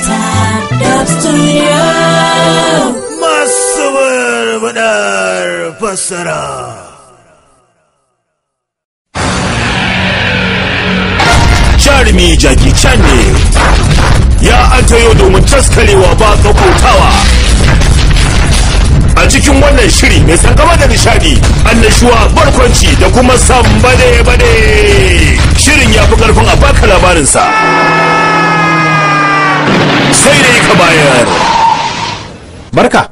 Maita Dub Studio. Masu barbadar fassara. Jarumi Jackie Chan ne ya antayo domin taskarewa ba kakotawa. A cikin wannan shiri mai sangama da nishadi, annashuwa barkwanci da kuma sambade-bade. Shirin ya fi karfin a baka labarinsa. sai dai ka bayar barka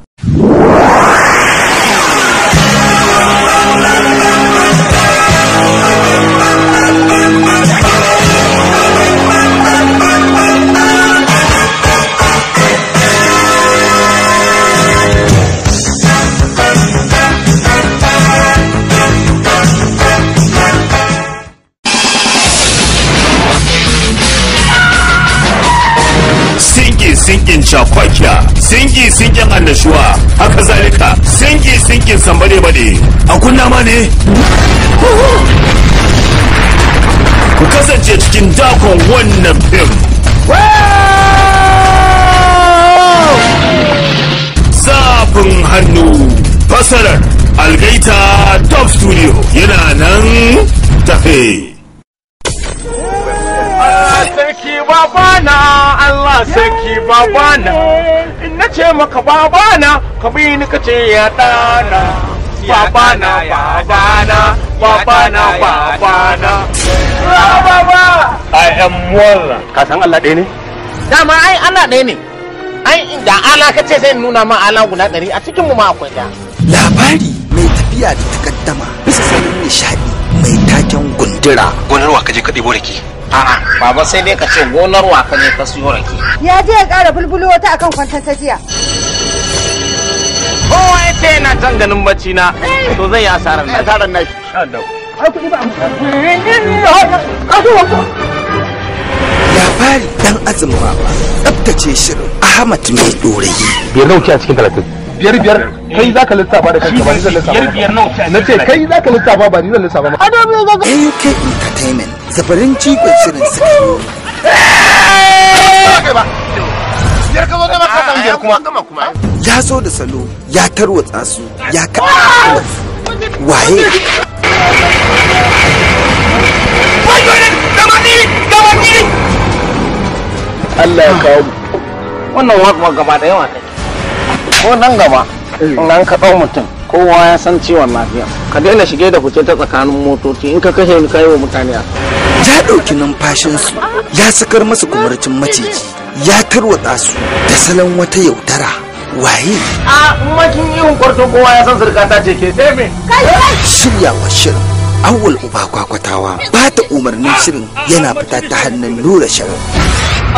shafakiya singi singin annashuwa haka zalika singi singin sambare bade a kunna ma ne ku kasance cikin dakon wannan fim zafin hannu fasarar algaita top studio yana nan tafe Allah babana in na ce maka babana ka bi ni ka ce ya dana babana babana babana babana baba i am walla ka san Allah ɗaya ne dama ai Allah ɗaya ne ai da ala ka ce sai nuna ma ala guda ɗari a cikin mu ma akwai da. labari mai tafiya da takaddama bisa sanin nishadi mai taken gundura gonarwa ka je ka ɗebo rake A'a, baba sai dai ka ce gonar waka ne ka siyo rake. Ya je ya kara bulbulo wata akan kwantar ta jiya. Kowa wai yana can ganin bacci na, to zai yi asarar na. Asarar na. Labari dan azumin baba, tsabtace shirin Ahmad mai ɗorayi. Bai wuce a cikin talatin. biyar biyar kai zaka lissafa da kanka ba ni zan lissafa na ce kai zaka lissafa ba ni zan lissafa ba a adamu ya zaga UK entertainment zabarin jigon shirin su ka ka zo kuma kuma ya zo da salo ya tarwatsa su ya ka waye Allah ya kawo mu wannan wakwa gaba da yawa kai ko nan gaba eh. nan ka ɗau mutum kowa ya san ciwon lafiya ka daina shige da fice ta tsakanin motoci in ka kashe ni ka yi wa mutane a ya ɗauki su ya sakar masu kumarcin maciji ya tarwatsa su da salon wata yaudara waye a makin yin kwarto kowa ya san sirkata ce ke teme Shirya shiryawa shirin awul uba kwakwatawa ba ta umarnin shirin yana fita ta hannun nura shirin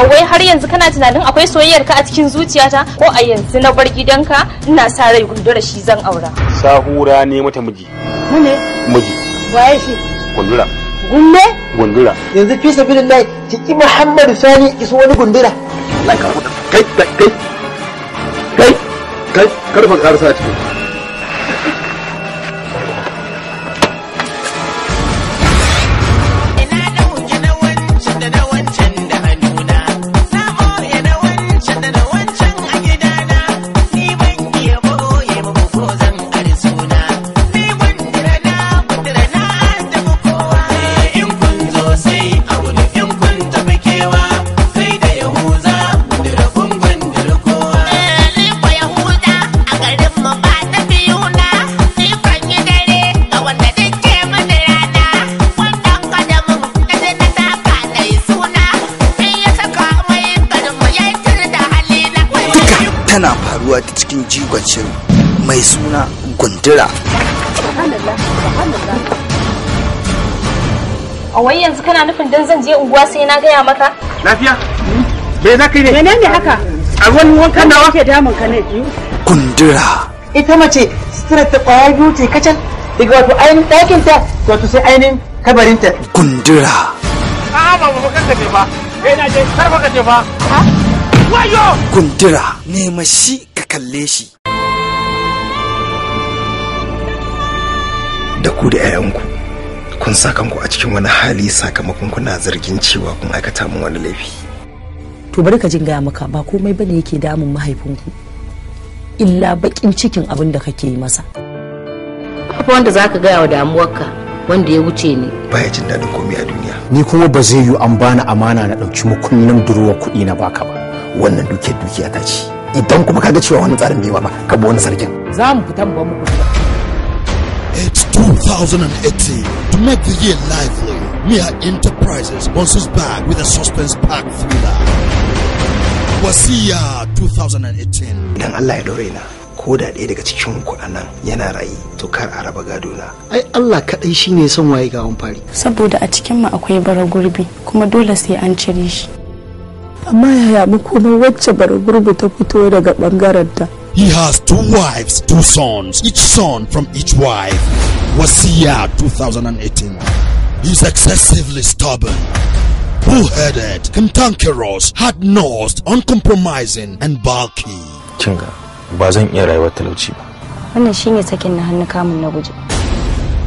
wai har yanzu kana tunanin akwai soyayyar ka a cikin zuciyata ko a yanzu na bar gidanka ina sa rai gundura shi zan aura sahura ne mata miji mune miji waye shi gundura gunde gundura yanzu fi sabilillahi ciki muhammadu sani isu wani gundura kai kai kai kai fa karsa cikin A wai yanzu kana nufin dan zan je unguwa sai na gaya maka? Lafiya? Me za ka yi ne? Menene haka? A wani wankan nawa? Ke damun ka ne? Kundura. Ita mace sutura ta kwaya biyu ce kacal daga wato ainihin ɗakin ta wato sai ainihin kabarin ta. Kundura. a ba mu kanka ce ba. Kai eh, na je kar ka ce ba. Wayo! Kundura nema shi ka kalle shi. Da ku da 'ya'yanku. kun sakan ku a cikin wani hali sakamakon kuna zargin cewa kun aikata min wani laifi to bari ka jin gaya maka ba komai bane yake damun mahaifinku illa bakin cikin abin da kake yi masa babu wanda zaka gaya wa damuwarka wanda ya wuce ni baya jin daɗin komai a duniya ni kuma ba zai yi an bani amana na ɗauki mukullin durowar kuɗi na baka ba wannan dukiyar dukiya ta ce idan kuma kaga cewa wani tsarin bai ba ka bi wani sarkin za mu fitan ba mu 2018 to make the year lively. Mia Enterprises bounces back with a suspense pack thriller. Wasiya 2018. Idan Allah ya dore na, ko da ɗaya daga cikin kuɗanan yana rayu to kar a raba gado na. Ai Allah kaɗai shi shine son waye gawon fari. Saboda a cikin mu akwai bara gurbi kuma dole sai an cire shi. Amma yaya makomar wacce bara gurbi ta fito daga ɓangaren ta? He has two wives, two sons, each son from each wife. Wasiya 2018. He's excessively stubborn, bull-headed, cantankerous, hard-nosed, uncompromising, and bulky. Kinga, ba zan iya rayuwar talauci ba. Wannan shine sakin na hannu kamun na guje.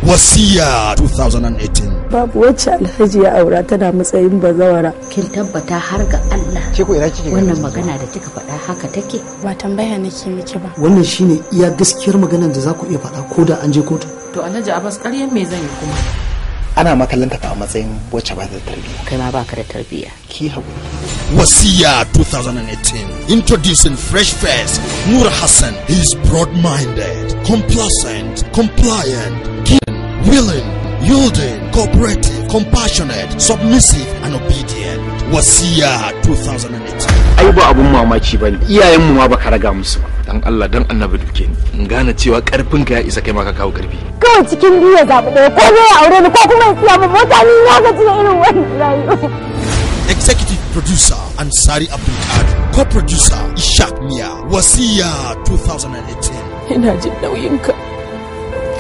wasiya 2018 babu wacce alhaji ya aura tana matsayin bazawara kin tabbata har ga Allah ko ina kike wannan magana da kika faɗa haka take ba tambaya nake miki ba wannan shine iya gaskiyar maganar da za ku iya faɗa ko da an je kotu to alhaji abbas ƙaryan me zan yi kuma ana makalanta fa a matsayin wacce ba ta tarbiyya kai ma baka da tarbiyya ki haƙuri wasiya 2018 introducing fresh face nur hassan he is broad minded complacent compliant willing, yielding, cooperative, compassionate, submissive, and obedient. Wasiya 2018. Ai ba abun mamaki bane. Iyayenmu ma baka raga musu ba. Dan Allah dan Annabi duke ni. In gane cewa karfin ka ya isa kai ma ka kawo karfi. Kawai cikin ya zaɓi ɗaya ko ne ya aure ni ko kuma ya siya min mota ni na ga cikin irin wannan Executive producer Ansari Abdul Kadir. Co-producer Ishaq Mia. Wasiya 2018. Ina jin nauyin ka.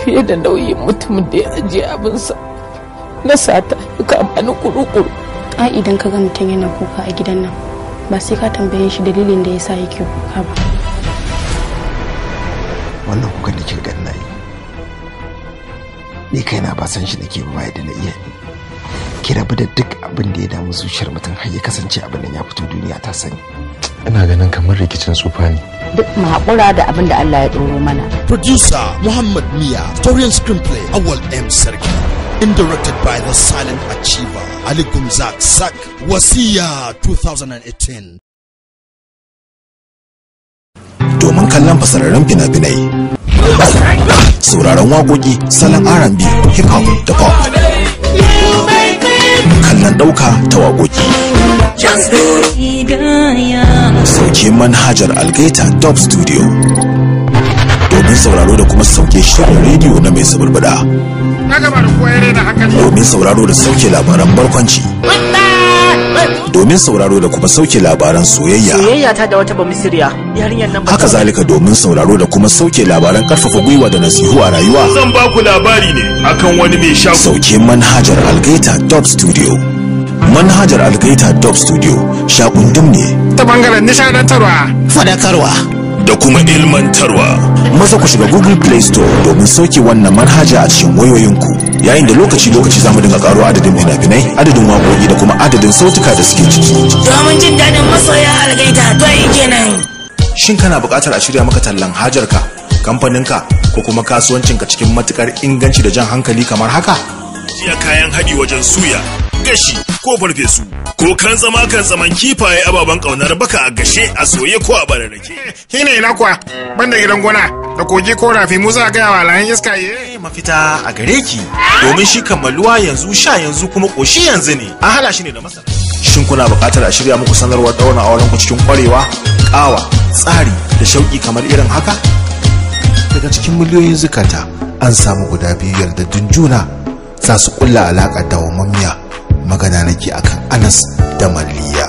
fiye da nauyin mutumin da ya ajiye abinsa na sata ya kama ni a idan ka ga mutum yana kuka a gidan nan ba sai ka tambaye shi dalilin da ya sa yake kuka ba wannan kukan da kika gani na yi ni kaina ba san shi nake ba da na iya ni ki rabu da duk abin da ya damu zuciyar mutum har ya kasance abin da ya fito duniya ta sani ina ganin kamar rikicin tsufa ne duk mu da abin da Allah ya ɗoro mana producer Muhammad Miya Torian screenplay Awal M Sarki indirected by the silent achiever Ali Gumzak Sak Wasiya 2018 domin kallon fasararren fina-finai sauraron waƙoƙi salon R&B hip hop da pop kallon ɗauka ta waƙoƙi. Sauke manhajar Algaita Dub Studio domin sauraro da kuma sauke shirin rediyo na mai suburbada domin sauraro da sauke labaran barkwanci domin sauraro da kuma sauke labaran soyayya soyayya da wata misiriya, yarinyar nan haka zalika domin sauraro da kuma sauke labaran karfafa gwiwa da nasihu a rayuwa zan ba ku labari ne akan wani mai shago sauke manhajar algaita dub studio manhajar algaita dub studio shakundum ne ta bangaren nishadantarwa fadakarwa da kuma ilmantarwa. Maza ku shiga Google Play Store domin sauke wannan manhaja a cikin wayoyinku. Yayin da lokaci-lokaci zamu dinga karo adadin finafinai finai adadin waƙoƙi da kuma adadin sautuka da suke ciki. Domin jin daɗin masoya algaita to yi kenan. Shin kana buƙatar a shirya maka tallan hajarka, kamfaninka ko kuma kasuwancinka cikin matuƙar inganci da jan hankali kamar haka? iya kayan haɗi wajen suya, gashi ko farfesu, ko kan zama kan zaman kifaye ababen kaunar baka a gashe a soye ko a bararrake. Shi ne ina kuwa, banda gidan gona, da kogi ko rafi mu za gaya wa layan iska ye. Eh. Eh, mafita a gare ki, domin shi kammaluwa yanzu sha yanzu kuma ƙoshi yanzu ne, an hala shi ne da masa. Shin kuna buƙatar a shirya muku sanarwar ɗaura auren ku cikin ƙwarewa, ƙawa, tsari da shauƙi kamar irin haka? Daga cikin miliyoyin zukata, an samu guda biyu yardaddun juna za su kulla alaƙa dawamammiya magana nake akan anas da malliya.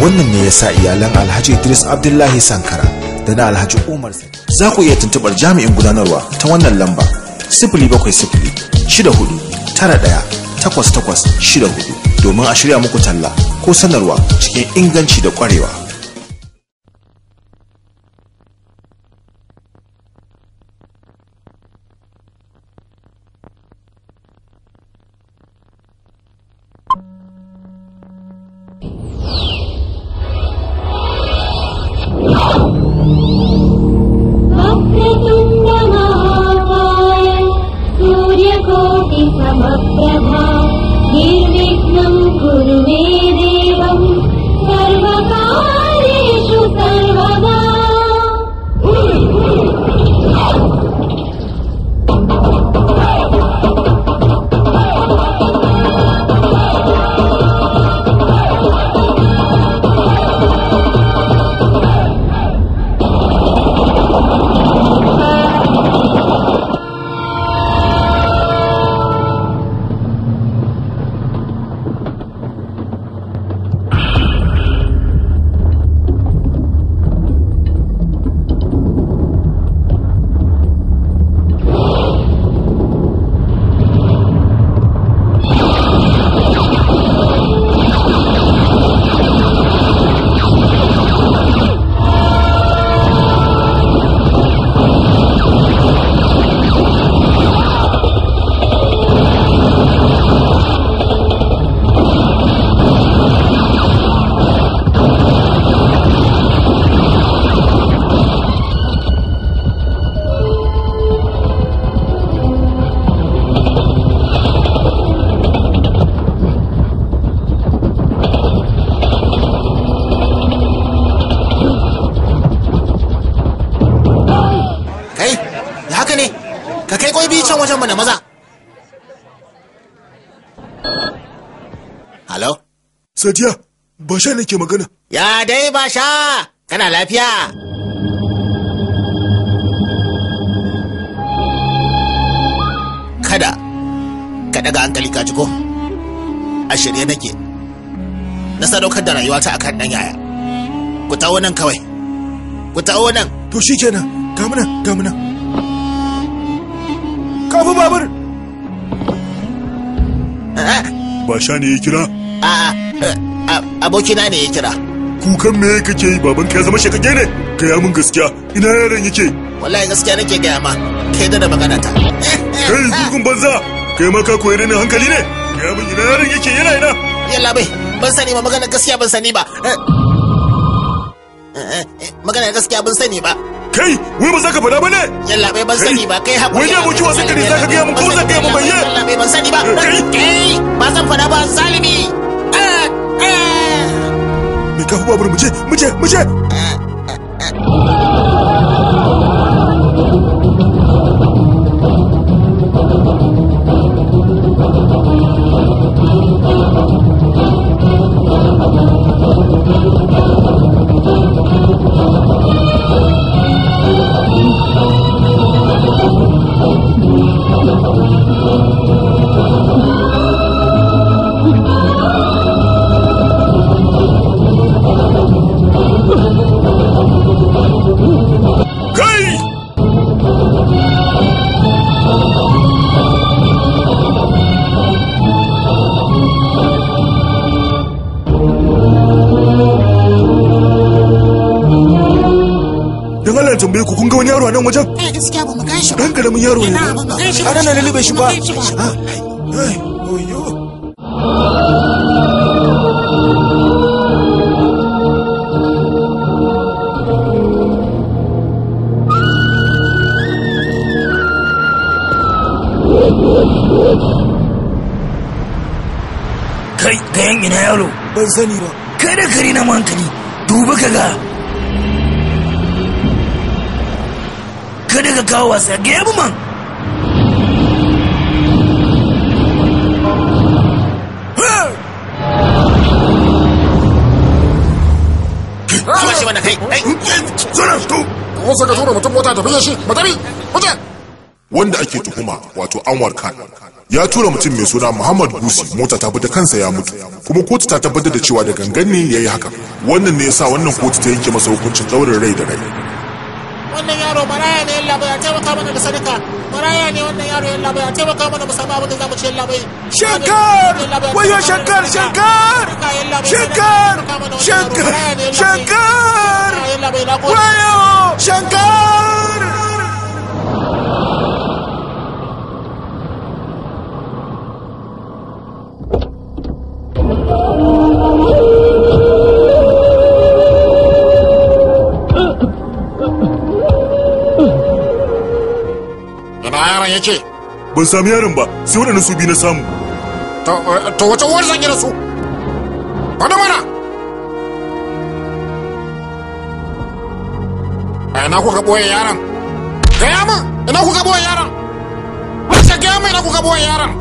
wannan ne yasa iyalan alhaji idris abdullahi sankara da na alhaji umar za ku iya tuntubar jami'in gudanarwa ta wannan lamba sifili bakwai sifili shida hudu tara ɗaya takwas takwas shida hudu domin a shirya muku talla ko sanarwa cikin inganci da ƙwarewa Sadiya, Basha nake magana. Ya dai Basha, kana lafiya? Kada, ka daga hankali ka ko? A shirye nake. Na sadaukar da rayuwata kan ɗan yaya. Ku tawo nan kawai. Ku tawo nan. To shi kenan, gamuna, gamuna. Kafu babur! Eh, eh. Basha ne ya kira? A'a. abokina ne ya kira kukan me kake yi baban ka zama shekage ne gaya min gaskiya ina yaron yake wallahi gaskiya nake gaya ma kai da magana ta kai kukan banza kai ma ka koyi ne hankali ne gaya min ina yaron yake yana ina yalla bai ban sani ba magana gaskiya ban sani ba eh, eh, eh, magana gaskiya ban sani ba kai wai ba za ka faɗa ba ne yalla bai ban sani ba kai hakuri wai ne abokin wasan ka ne za ka gaya min ko za ka gaya mu bayyana yalla bai ban sani ba kai ba zan faɗa ba zalimi abubuwa burmuce muce muce karamin yaro ne a ranar lalube shi ba kai ga yan ina yaro ban sani ba kai da kare na hankali duba ka ga ka daga kawo wasa gaya man wanda ake tuhuma wato anwar khan ya tura mutum mai suna muhammad busi mota ta da kansa ya mutu kuma kotu ta tabbatar da cewa da gangan ne ya yi haka wannan ne ya sa wannan kotu ta yanke masa hukuncin tsaurin rai da rai wannan yaro bara yalla bai taimaka mana da sadaka maraya ne wannan yaro yalla bai taimaka mana mu samu abin da zamu ci bai shankar wayo shankar shankar shankar shankar shankar wayo shankar ce ban sami yaron ba sai waɗanda su bi na samu eh, to wace uwar zan yi da su faɗi mana a ina kuka ɓoye yaron gaya min ina kuka ɓoye yaron wace gaya min ina kuka ɓoye yaron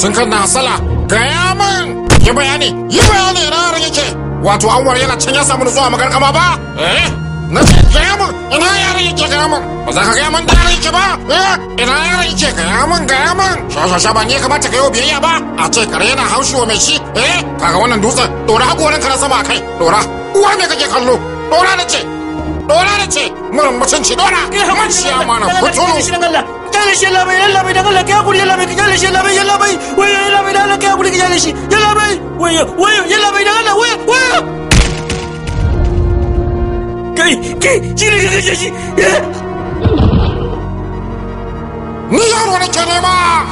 tun kan na hasala gaya min yi bayani yi bayani ina yaron yake wato anwar yana can ya samu da zuwa magarkama ba eh na ce gaya min ina yaron yake gaya min ba za ka gaya min da yaran ki ba eh ina yaran ki gaya min gaya min shashasha ba ne biyayya ba a ce kare yana haushi wa mai shi eh kaga wannan dutsen dora hakorin ka na sama kai dora uwa me kake kallo dora na ce dora na ce mun mutunci dora eh, mun ci amana fito kyale shi labai yalla bai daga lake hakuri yalla bai kyale shi labai yalla bai yalla bai daga lake hakuri kyale shi yalla bai yalla bai daga lake kai kai shi ne shi eh, Kur'an-ı Kerim'e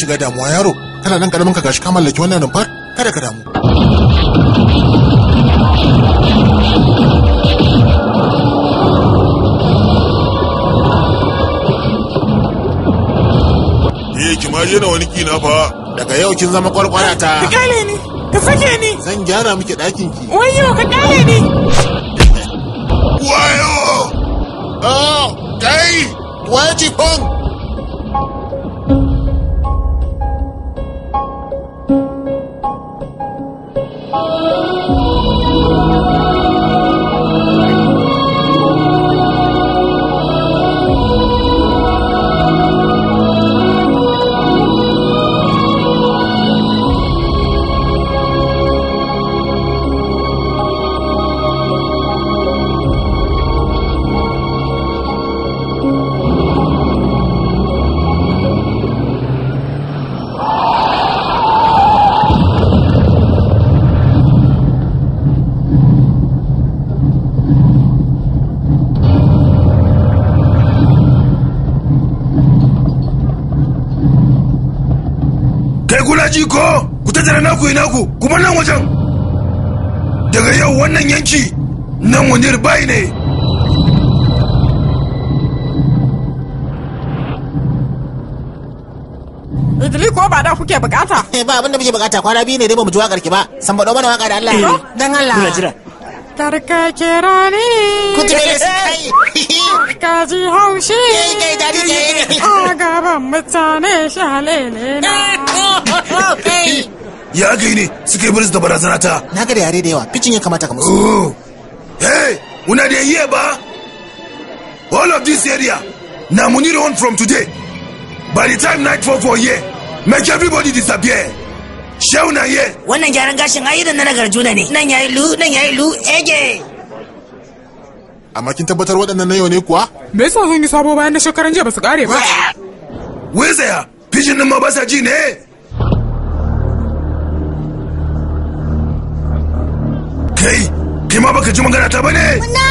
shiga damuwa yaro kana nan karamin ka gashi ka mallaki wannan rumfar kada ka damu Eh ma yana wani kina fa daga yau kin zama kwarkwara ta ka kale ni ka sake ni zan gyara miki ɗakin ki wayo ka kale ni wayo oh kai waye ci fong kai ne Idili ko ba da kuke bukata? Eh ba abinda muke bukata kwana biyu ne dai ba mu ji wakar ki ba. San ba mana waka da Allah. Dan Allah. Muna jira. Tarka kira ni. ji su sai? Ka ji haushi. Kai kai ni kai. A gaban mutane shale ne na. Ya kai suke suka da barazana ta. Na ga da yare da yawa, ficin ya kamata ka musu. Oh. dey hear ba all of dis area na muniri own from today by the time night fall for here make everybody disappear shehu na here wannan gyaran gashin ayi da na garjuna ne nan yayi lu nan yayi lu ege amma kin tabbatar waɗannan na yau ne kuwa me yasa zan yi sabo bayan da shekaran jiya ba su kare ba wai tsaya pidgin din ma ba sa ji ne kai kai ma baka ji magana ta bane ne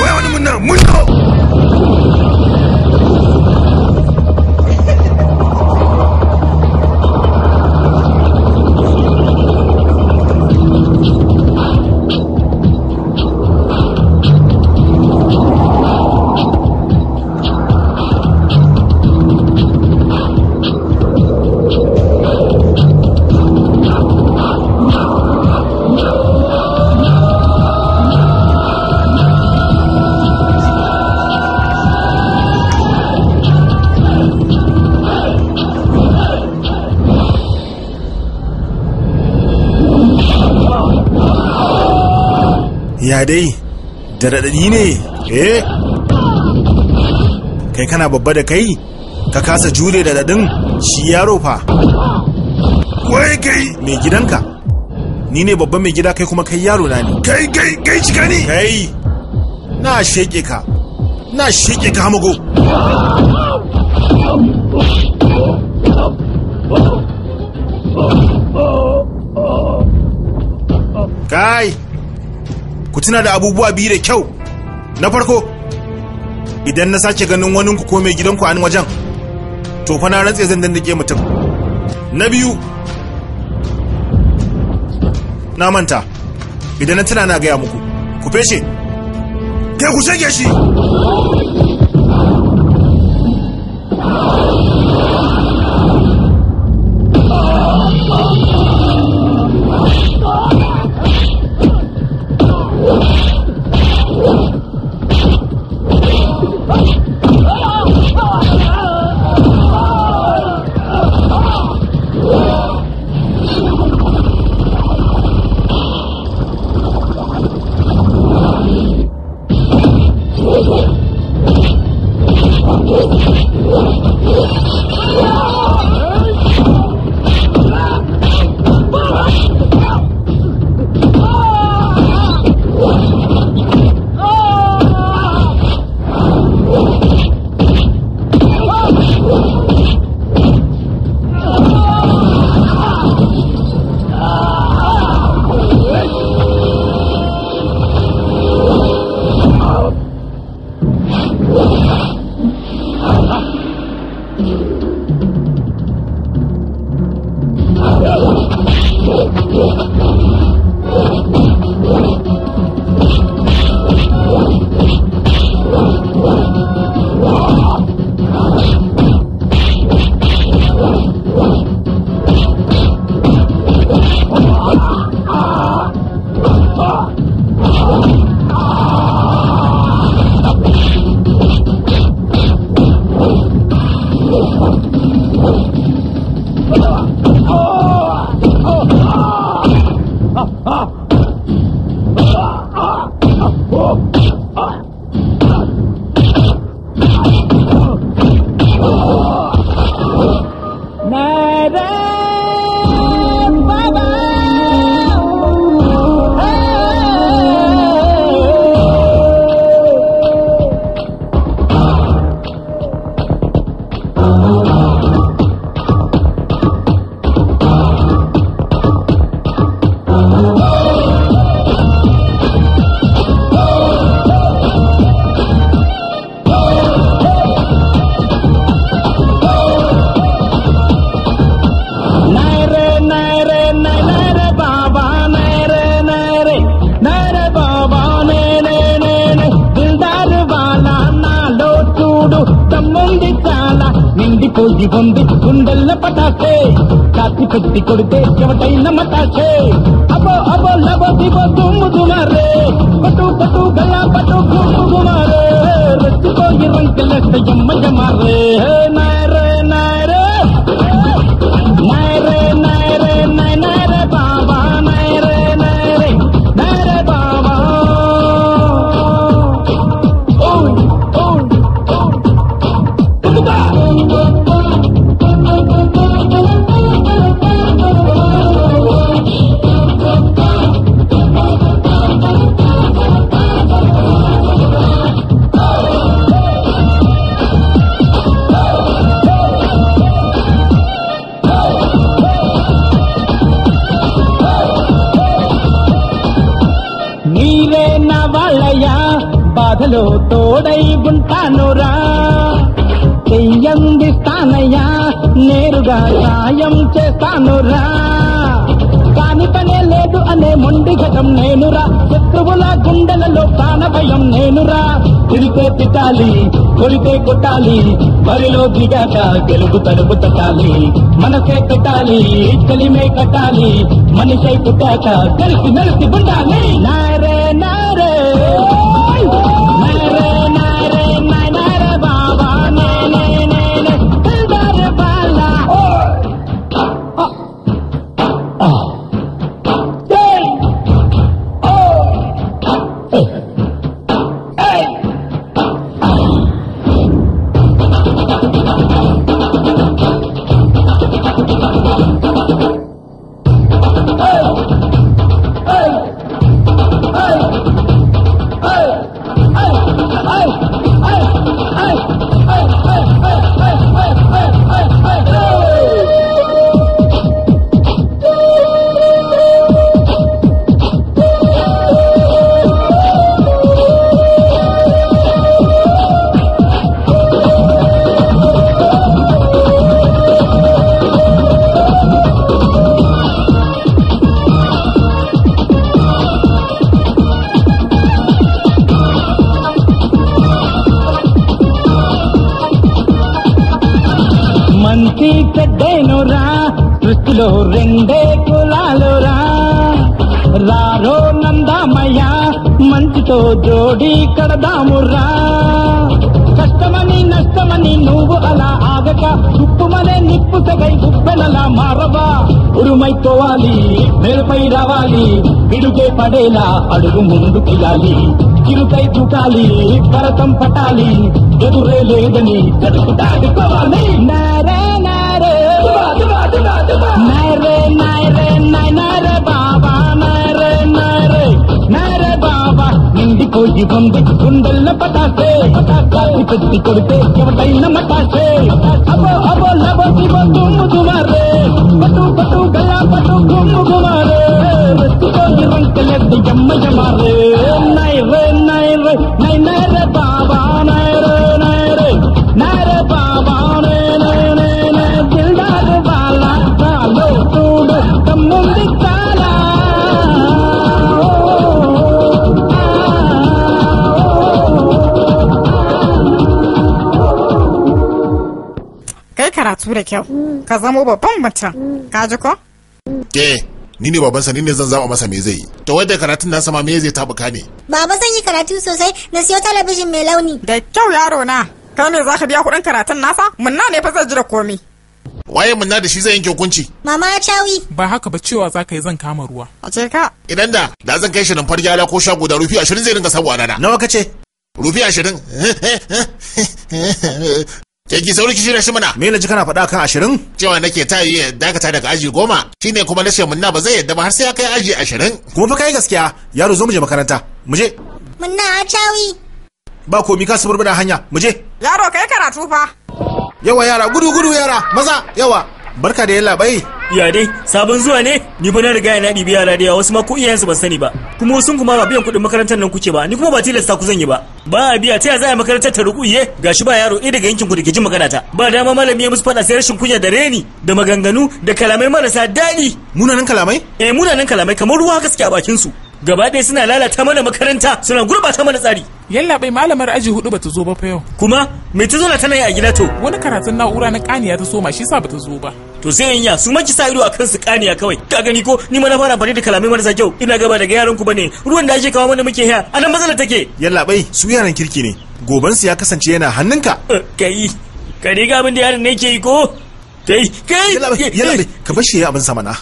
wai wani muna muna ina dai da raɗaɗi ne eh kai kana babba da kai ka kasa jure da daɗin shi yaro fa wai kai mai gidanka ni ne babban mai gida kai kuma kai yaro na ne kai kai kai cika ne kai na sheke ka na sheke ka hamago kai ku tuna da abubuwa biyu da kyau na farko idan na sake ganin waninku ko mai gidanku a wajen to fa na rantse zan dandake mutum na biyu na manta idan na tuna na gaya muku ku feshe kai ku shege shi తిట్టాలి కొడితే కొట్టాలి బరిలో దిగాక తెలుగు తలుపు తట్టాలి మనసే పెట్టాలి కలిమే కట్టాలి మనిషే పుట్టాక కలిసి నలిసి ఉండాలి నారే పడదాముర్రా కష్టమని నష్టమని నువ్వు అలా ఆగక చుట్టుమనే నిప్పు సగై గుప్పెలలా మారవా ఉరుమై తోవాలి మేలుపై రావాలి విడుకే పడేలా అడుగు ముందు ముందుకెయ్యాలి చిరుకై చూటాలి పరతం పట్టాలి ఎదురే లేదని కడుపు దాటుకోవాలి నారా போய் வந்த உண்டல்ல பட்டாசே காசு கட்டி கொடுத்து இவன் கையில மட்டாசே அப்போ அப்போ லவோ சிவோ தும்மு குமாரே பட்டு பட்டு கல்லா பட்டு தும்மு குமாரே வெத்து போகிறவன் கல்லத்து எம்மைய மாறு நைரு நைரு நை நேர பாபா நேரு நேரு நேர karatu da kyau ka zamo babban mutum ka ji ko ke ni ne babansa ni ne zan zama masa me zai to wadda karatun nasa ma me zai tabuka ne baba zan yi karatu sosai na siyo talabijin mai launi da kyau yaro na ka ne ka biya kuɗin karatun nasa munna ne fa zai ji da komi waye munna da shi zai yanke hukunci mama chawi ba haka ba cewa ka yi zan kama ruwa a ce ka idan da da zan kai shi nan la ko shago da rufi ashirin zai dinga sabuwa nana nawa kace rufi ashirin Ke ki sauri ki na shi mana. Me ji kana faɗa kan ashirin? Cewa nake ta yi dakata daga aji goma. shi ne kuma na munna ba zai yadda ba har sai ya kai aji ashirin. Kuma fa kai gaskiya yaro zo mu je makaranta. Mu je. Munna a cawi. Ba komi ka suburbuna hanya. Mu je. Yaro kai karatu fa. Yawa yara gudu gudu yara maza yawa. barka da yalla bai ya dai sabon zuwa ne ni fa na riga na ɗibi yara da wasu ma ko iyayensu ban sani ba kuma wasu kuma ba biyan kuɗin makarantar nan kuke ba ni kuma ba tilasta ku zan yi ba ba a biya ta ya za a makarantar ta ruku iye gashi ba yaro ɗaya daga yankin ku da ke jin magana ta ba dama malami ya musu faɗa sai rashin kunya da reni da maganganu da kalamai marasa daɗi munanan kalamai eh munanan kalamai kamar ruwa haka suke a bakin su gaba ɗaya suna lalata mana makaranta suna gurɓata mana tsari yallaɓai malamar aji hudu bata zo ba fa yau kuma me ta zo tana yi a gida to wani karatun na'ura na kaniya ta soma shi sa bata zo ba to sai yanya su maki sa ido a su kaniya kawai ka gani ko ni ma na fara amfani da kalamai marasa kyau ina gaba daga yaran ku bane ruwan da ake kawo mana muke haya anan matsala take yallaɓai su yaran kirki ne Goban su ya kasance yana hannunka eh, kai ka riga abin da yaran ne ke yi ko kai kai yallaɓai eh, ka bar shi ya abin samana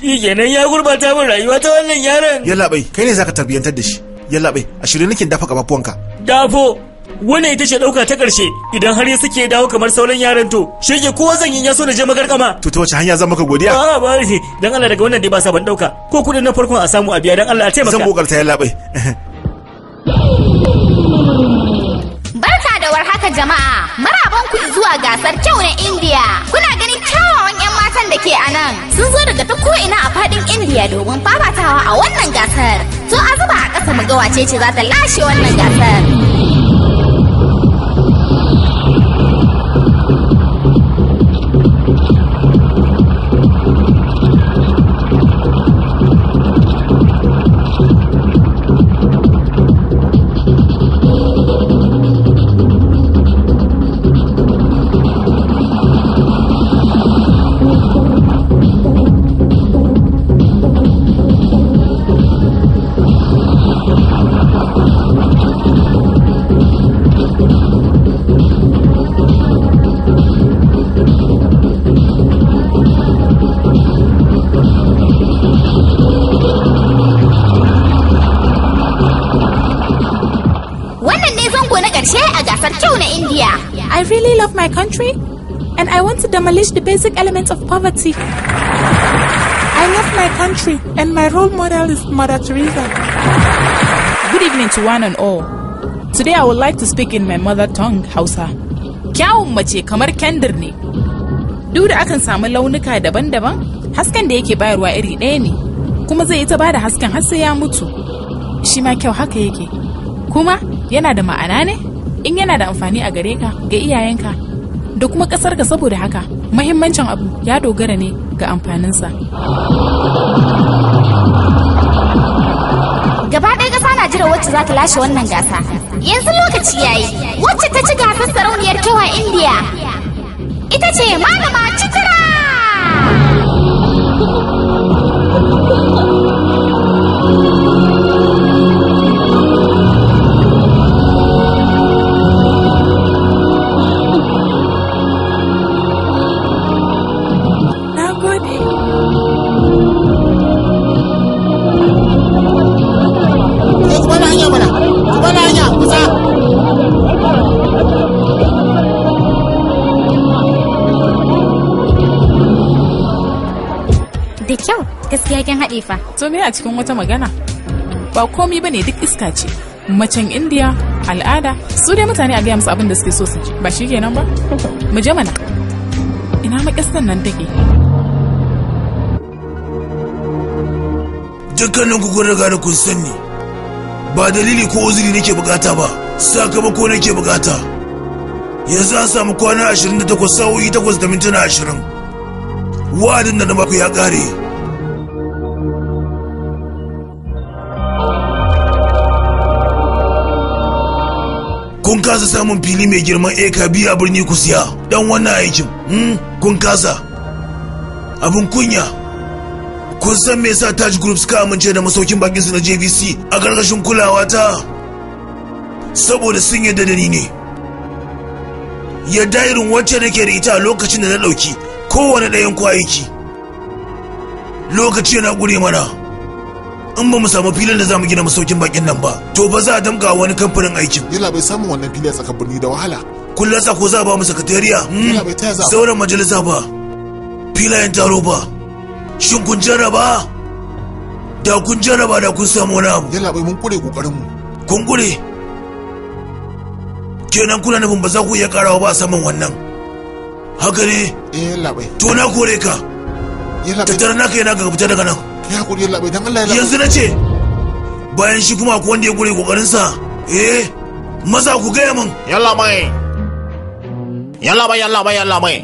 shi kenan ya gurbata min rayuwa ta wannan yaron yalla bai kai ne zaka tarbiyantar da shi yalla bai a shirye nake dafa kafafuwanka dafo wani ita ce dauka ta karshe idan har ya suke dawo kamar sauran yaran to ke kowa zan yi ya so na je magarkama to ta wace hanya zan maka godiya a'a ba ni dan Allah daga wannan dai ba sa ban dauka ko kudin na farkon a samu a biya dan Allah a taimaka zan bogarta yalla bai barka da warhaka jama'a marabanku zuwa gasar kyau na India kuna ganin kyawawan matan da ke anan sun zo daga ta ina a fadin indiya domin fafatawa a wannan gasar to a zuba a ƙasa mu ga wace ce za ta lashe wannan gasar demolish the basic elements of poverty. I love my country, and my role model is Mother Teresa. Good evening to one and all. Today I would like to speak in my mother tongue, Hausa. Kyawun mace kamar kendir ne. Duk da akan samu launuka daban-daban, hasken da yake bayarwa iri ɗaya ne, kuma zai ita ba da hasken har sai ya mutu. Shi ma kyau haka yake. Kuma yana da ma'ana ne? In yana da amfani a gare ka ga iyayenka da kuma kasar ga saboda haka mahimmancin abu ya dogara ne ga amfaninsa gaba ɗaya ƙasa na jira wacce za ta lashe wannan gasa yanzu lokaci ya yi wacce ta ci gasar sarauniyar kewa indiya ita ce malama citara faɗi fa to me a cikin wata magana ba komi ba ne duk iska ce macen indiya al'ada su dai mutane a gaya musu abin da suke so su ji ba shi kenan ba mu je mana ina makastan nan take dukkanin ku kun riga da kun sani ba dalili ko uzuri nake bukata ba sakamako nake bukata yanzu an samu kwana 28 sa'o'i 8 da mintuna 20 wa'adin da na baku ya kare kun kasa samun fili mai girman eka biyu a birni ku siya dan wannan aikin hmm? kun kasa abin kunya kun san me yasa taj group suka amince da masaukin bakin su na jvc a karkashin kulawa ta saboda sun yadda da ni ne yadda irin wacce nake da ita a lokacin da na ɗauki kowane ɗayan ku aiki lokaci na gure mana in ba mu samu filin da za mu gina masaukin bakin nan ba to ba za a damga wani kamfanin aikin yana bai samun wannan fili a tsakar birni da wahala kullum sa ko za a ba mu sakatariya hmm, sauran majalisa ba filayen taro ba shin kun jarraba da kun jarraba da kun samu wani abu yana bai mun kure kokarin mu kun kure kenan kuna nufin ba za ku iya karawa ba a saman wannan haka ne eh labai to na kore ka tattara naka yana ga fita daga nan ya hakuri yalla bai dan Allah ya yanzu na ce bayan shi kuma akwai wanda ya gure kokarin sa eh maza ku gaya min yalla mai yalla mai yalla mai yalla mai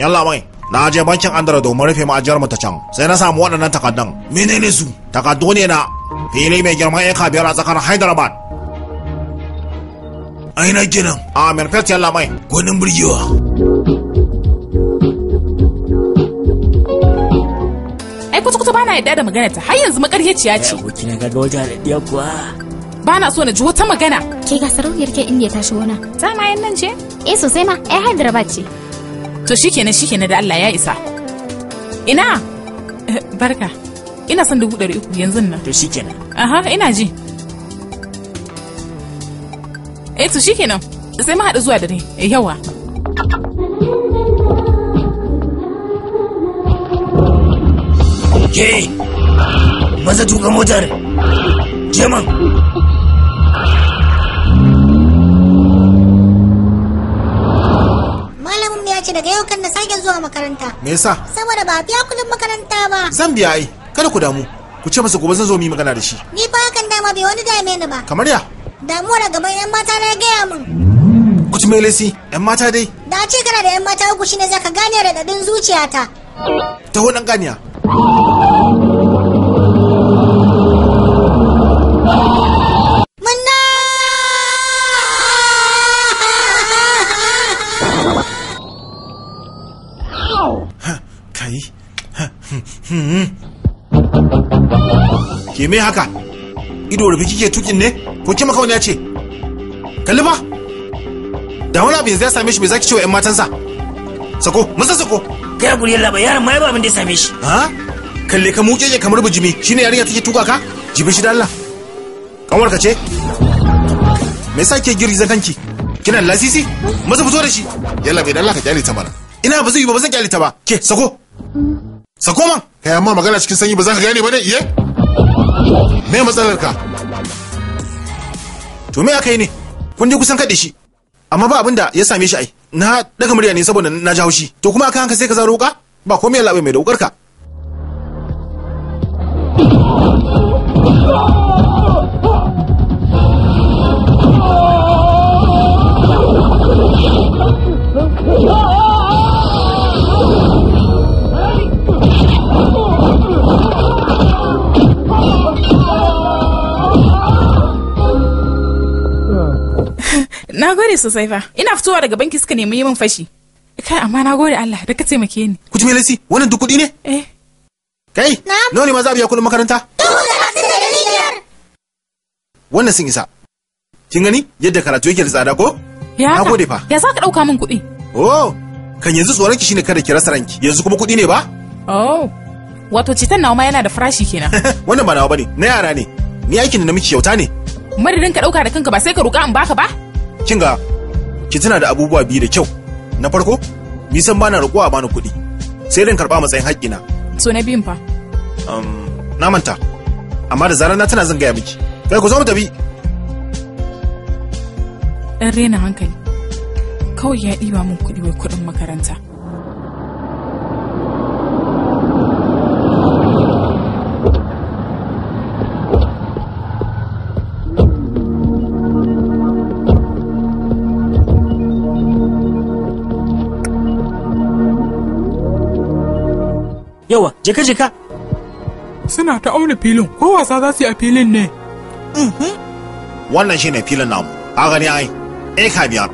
yalla mai na je bankin andara domin rufe ma'ajiyar mu ta can sai na samu waɗannan takardun menene su takardu ne na fili mai girman eka biyar a tsakanin hyderabad aina kenan a merfet yalla mai gwanin burgewa kwata kwata bana yadda da magana ta har yanzu makaryaciya ce abokina ga ga wata da kuwa bana so na ji wata magana ke ga sarauniyar ke inda ya tashi wani. ta ma yan nan ce eh sosai ma ai hyderabad ce to shikenan shikenan da Allah ya isa ina barka ina son dubu ɗari uku yanzu nan to shikenan aha ina ji eh to shikenan sai mu haɗu zuwa dare yawa Ke, maza tuka motar, jeman. Malamin ya ce daga yau kan na sake zuwa makaranta. Me yasa? Saboda ba biya kudin makaranta ba. Zan biya ai, kada ku damu. Ku ce masa gobe zan zo mu yi magana da shi. Ni fa hakan dama bai wani dame ni ba. Kamar ya? Damuwar gaban 'yan mata na gaya min. kuci mai lesi yan mata dai da ce kana da yan mata uku shine zaka gane dadin zuciyata ta hudan ganiya Hmm. ke me haka ido rufe kike tukin ne ko kima kawai ya ce kalli ba da wani abin yanzu ya same shi mai zaki cewa yan matansa sako musa sako kai guri yalla ba yaron mai ba abin da ya same shi ha kalle ka muke ke kamar bijimi shine yarinya take tuka ka jibi shi da Allah ka ce me yasa ke girgiza kanki kina lasisi maza fito da shi yalla bai dalla ka kyale ta bana. ina ba zai yi ba ba zan kyale ta ba ke sako sa koma kai amma magana cikin sanyi ba za ka gane ba ne iye me matsalar ka to me aka yi ne kun je kusan kaɗe shi amma ba abin da ya same shi ai na daga murya ne saboda na ji haushi to kuma akan hanka sai ka zaro wuka ba komai labai mai da wukar ka na gode sosai fa ina fitowa daga banki suka nemi min fashi kai amma na gode Allah da ka taimake ni ku ji me lasi wannan duk kuɗi ne eh kai nawa ne ma za biya kuɗin makaranta wannan sun isa kin gani yadda karatu yake da tsada ko ya gode fa ya za ka ɗauka min kuɗi oh kan yanzu tsoron ki shine kada ki rasa ranki yanzu kuma kuɗi ne ba oh wato citan nawa ma yana da farashi kenan wannan ba nawa bane na yara ne ni aikin da na miki kyauta ne madadin ka ɗauka da kanka ba sai ka roƙa in baka ba kin ga ki tuna da abubuwa biyu da kyau na farko nisan san bana rukuwa a na kuɗi sai rin karba matsayin haƙƙina so na biyun fa na manta amma da zarar na tana zan gaya miki kai ku zo mu tafi dan rena hankali kawai ya ɗiba min kuɗi wai kuɗin makaranta yawa jika jika suna ta auna filin ko wasa za su yi a filin ne mhm. wannan shi ne filin namu a gani ai eka biyar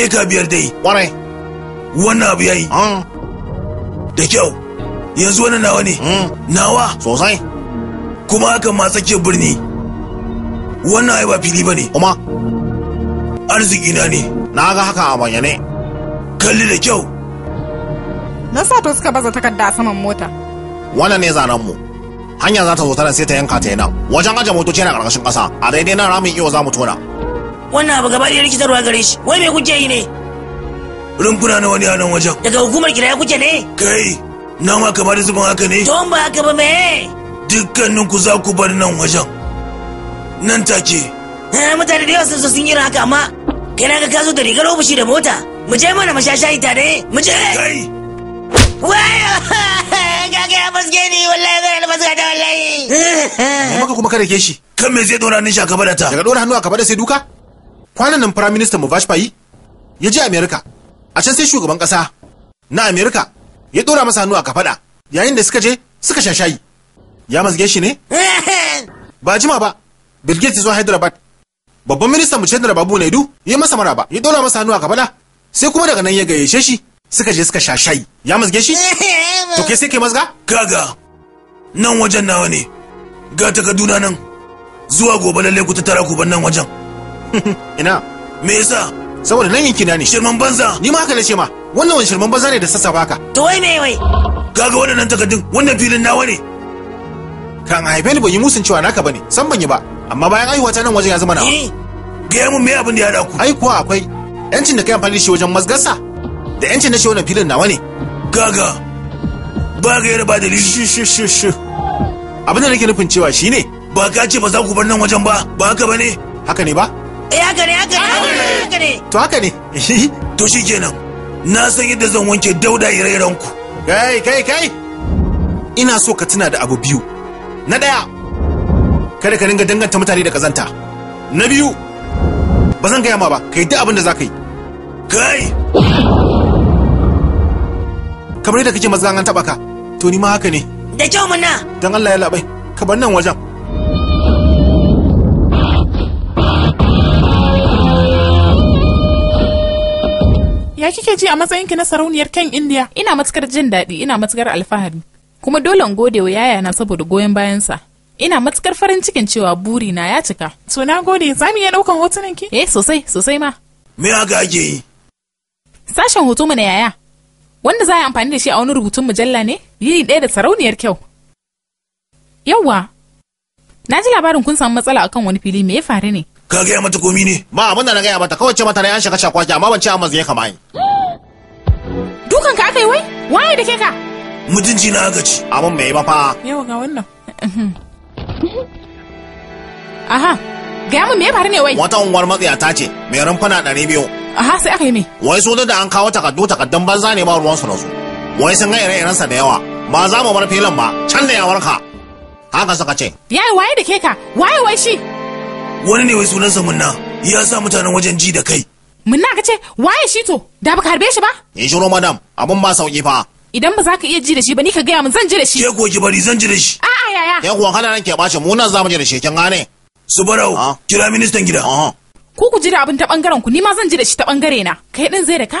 eka biyar dai kwarai wannan abu yayi ah. da kyau yanzu wani nawa ne hmm. nawa sosai kuma hakan ma tsakiyar birni wannan ai ba fili ba ne kuma arziki na ne na ga haka a bayyane kalli da kyau na sa to suka baza takarda a saman mota wannan ne zanen mu hanya za ta zo tana sai ta yanka ta nan wajen aje motoci na karkashin kasa a daidai nan ramin iyo za mu tona wannan abu gaba ɗaya rikitarwa gare shi wai me kuke yi ne rumfuna na wani a nan wajen daga hukumar kiraya kuke ne kai na ma kama da zubin haka ne don ba haka ba me dukkanin ku za ku bar nan wajen nan take eh, mutane da yawa sun so sun yi haka amma kai na ga ka zo da rigar ofishi da mota mu je mana mashashayi tare mu je kai ya na maka kuma kada ke shi kan me zai dora nisha a gaba da ta daga dora hannu a gaba da sai duka kwanan nan prime minister mu vashpayi ya je america a can sai shugaban kasa na america ya dora masa hannu a kafada yayin da suka je suka sha shayi ya mazge shi ne ba jima ba bill gates zuwa hyderabad babban ministan mu chandra babu naidu ya masa maraba ya dora masa hannu a kafada sai kuma daga nan ya gayyace shi suka je suka sha shayi ya mazge shi to ke sai ke mazga kaga nan wajen nawa ne ga takarduna nan zuwa gobe lalle ku tattara ku ban nan wajen ina me yasa saboda nan yankina ne shirman banza ni ma haka nace ma wannan wani shirman banza ne da sassa baka to wai me wai kaga wannan takardun wannan filin nawa ne kan haife ni ban yi musun cewa naka bane san ban yi ba amma bayan aihuwa ta nan wajen ya zama nawa eh, gaya mun me abin da ya ku ai kuwa akwai yancin da kai amfani da shi wajen mazgarsa. da yancin na shi wannan filin nawa ne gaga ba ga yarda ba dalili shi shi shi abin da nake nufin cewa shi ne. ba ka ce ba za ku bar nan wajen ba ba haka ba ne, haka ne ba eh haka ne haka ne haka ne to haka ne to kenan, na san yadda zan wanke dauda ire-iren ku kai kai kai ina so ka tuna da abu biyu na daya kada ka ringa danganta mutane da kazanta na biyu ba zan gaya ma ba kai duk abin da za ka yi kai kamar yadda kake mazan an taba ka to ni ma haka ne da kyau muna dan Allah ya labai ka bar nan wajen ya kike ji a matsayinki na sarauniyar kan indiya ina matukar jin daɗi ina matukar alfahari kuma dole in gode wa yaya na saboda goyon bayansa ina matukar farin cikin cewa buri na ya cika to na gode za mu iya ɗaukan hotunan ki eh sosai sosai ma me aka yi sashen hoto mu na yaya wanda za a yi amfani da shi a wani rubutun mujalla ne yini ɗaya da sarauniyar kyau yawwa na ji labarin kun samu matsala akan wani fili me ya faru ne ka gaya mata komi ne ba abin da na gaya mata kawai ce mata na yan shaka ke amma ban ce amma zai kama yi dukan ka aka yi wai waye da ke ka mutunci na aka ci amma mai ba fa yawa ga wannan aha Gaya min me ya faru ne wai? Wata unguwar matsiyata ce, mai rumfuna ɗari biyu. Aha sai aka yi me? Wai su da an kawo takardu takardun banza ne ba ruwan su da su. Wai sun ga ire-irensa da yawa, ba za mu bar filin ba, can da yawarka. Haka suka ce. Yayi waye da ke ka? Waye wai shi? Wani ne wai sunansa munna, ya sa mutanen wajen ji da kai. Munna ka ce, waye shi to? Da baka harbe shi ba? in shiro madam, abun ba sauki fa. idan ba za ka iya ji da shi ba ni ka gaya min zan ji da shi. Ke ko ki bari zan ji da shi. A'a yaya. Ke ko kana nan ke bace mu nan za mu ji da shi kin gane. barau, ah. kira ministan gida. Ko ku ji da abin ta bangaren ku, ni ma zan ji da shi ta bangare na. Kai din zai da ka?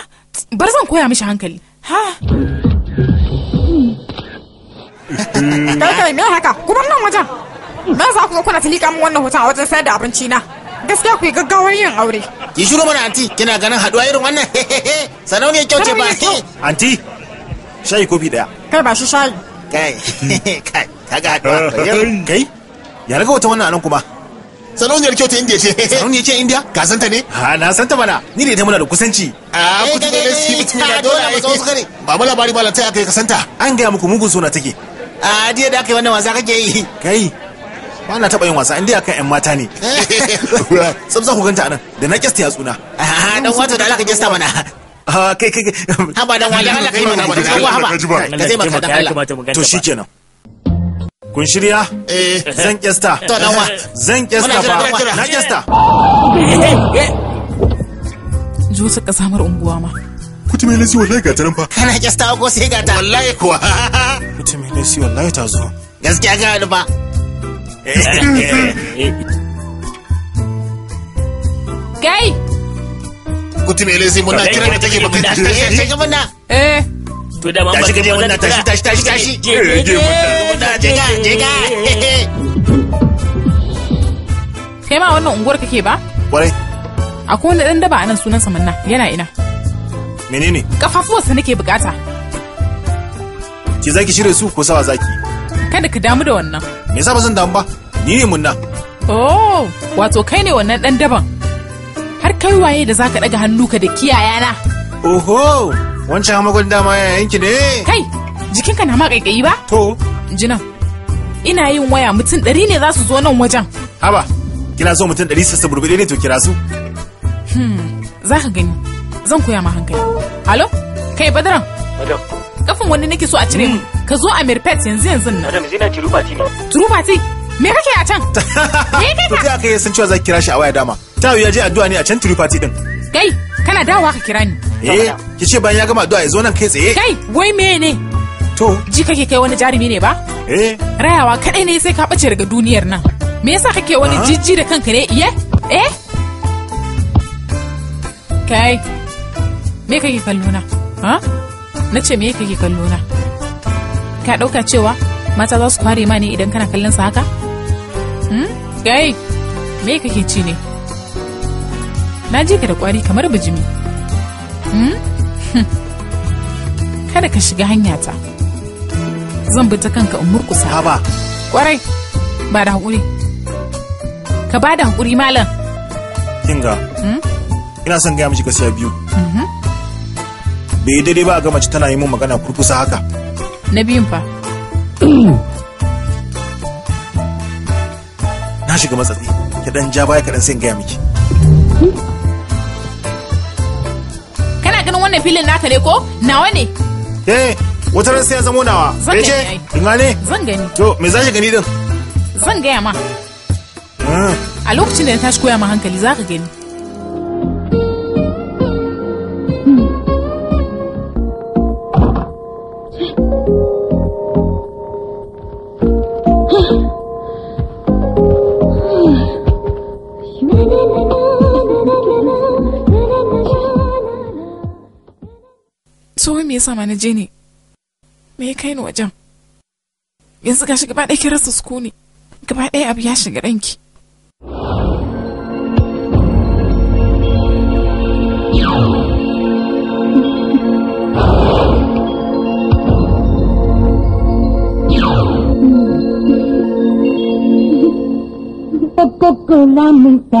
Bar zan koya mishi hankali. Ha. Kai kai me haka? Ku bar nan wajen. Me za ku zo kuna tilika min wannan hoton a wajen sayar da abinci na? Gaskiya ku yi gaggawar yin aure. Ki shiru mana anti, kina ganin haduwa irin wannan? Sanau ne kyau ce ba. Anti, shayi kofi daya. Kai ba shi shayi. Kai, kai, kaga haduwa. Kai, ya raga wata wannan anan kuma. sarauniyar kyauta india ce sarauniyar ce indiya ka san ta ne ha na san ta bana ni ne ta muna da kusanci a kuci da gaske bitimila dole a wasu. kare ne ba mu labari ba lantai aka yi ta an gaya muku mugun suna take a ah, diya da aka yi wannan wasa kake yi kai ba na taɓa yin wasa inda akan yan mata ne sab za ku ganta anan da na kyasta yatsuna ah, ah, dan wato da alaka kyasta mana kai kai haba dan wani alaka yi mana haba haba ka zai maka da Allah to shikenan Kun shirya? Eh. Zan kyasta. To dan wa. Zan kyasta ba. Na kyasta. Zo su samar unguwa ma. Kuti mai lasi wallahi ga tarin fa. Kana kyasta ko sai ga ta. Wallahi kuwa. Kuti mai lasi wallahi ta zo. Gaskiya ga ni ba. Kai. Kuti mai lasi muna kira da take baka. Take muna. Eh. to da tashi wannan tashi tashi tashi tashi je ga je ga kai ma wannan unguwar kake ba kwarai akwai wani dan daba anan sunan manna yana ina menene sa nake bukata ki zaki shirye su ko sawa zaki kada ka damu da wannan me yasa ba zan damu ba ni ne munna oh wato kai ne wannan dan daban har kai waye da zaka daga hannu ka da kiyayana oho wancan hamakon dama ya yanki ne kai jikinka na ma kaikayi ba to jinan ina yin waya mutum ɗari ne za su zo nan wajen haba kina so mutum ɗari sassa burbuɗe ne to kira su hmm, za ka gani zan koya ma hankali alo kai badaran madam kafin wani nake so a cire mu hmm. ka zo a mirpet yanzu yanzu nan madam zina turubati ne turubati me kake a can me kake to kai aka yi san cewa za ki kira shi a waya dama ta ya je addu'a ne a can turubati din kai kana dawa ka kira ni eh ki ce bayan ya gama addu'a ya zo nan kai tsaye kai wai me ne to ji kake kai wani jarumi ne ba eh rayawa kadai ne sai ka bace daga duniyar nan me yasa kake wani jijji da kanka ne iye eh kai me kake kallo na ha na ce me kake kallo na ka dauka cewa mata za su kware ma ne idan kana kallon sa haka? Hmm? Kai. me kake ci ne? na je ka da kwari kamar bijimi hmm? hm. kada ka shiga hanyata zan bi ta kanka in murkusa haba kwarai ba da haƙuri ka ba da haƙuri malam kinga hmm? ina son gaya miki gaskiya biyu mm-hmm. bai daidai ba a gama mace tana yi mun magana kurkusa haka na biyun fa na shiga matsatsi ki dan ja baya ka dan sai gaya miki hmm? ne filin naka ne ko nawa ne eh wata ran sai ya zamo nawa zan gani ina ne zan gani to me zashi gani din zan gaya ma ah. a lokacin da ya tashi koya ma hankali ka gani me yasa ma na je ne me ya kai ni wajen yanzu gashi gaba ɗaya kira su sukuni gaba ɗaya abu ya shiga ɗanki सबको ना मिलता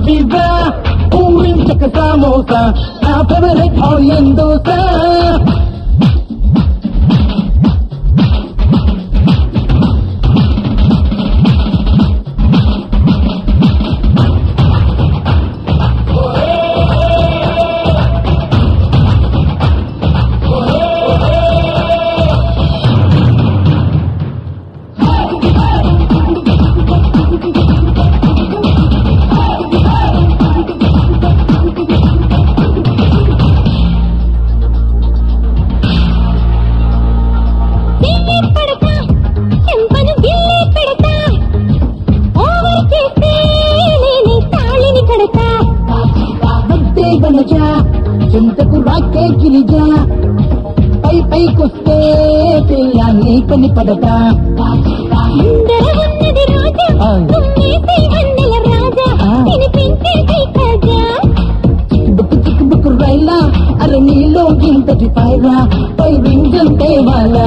vida, un wincha que famosa, a beber oriendosa. నడక వస్తే వనజ చింతకు రాకే గిరిజ పై పైకొస్తే పెళ్ళాన్ని పని పడట అరే నీలో ఇంతటి పైరా పై వింజం తేవాలా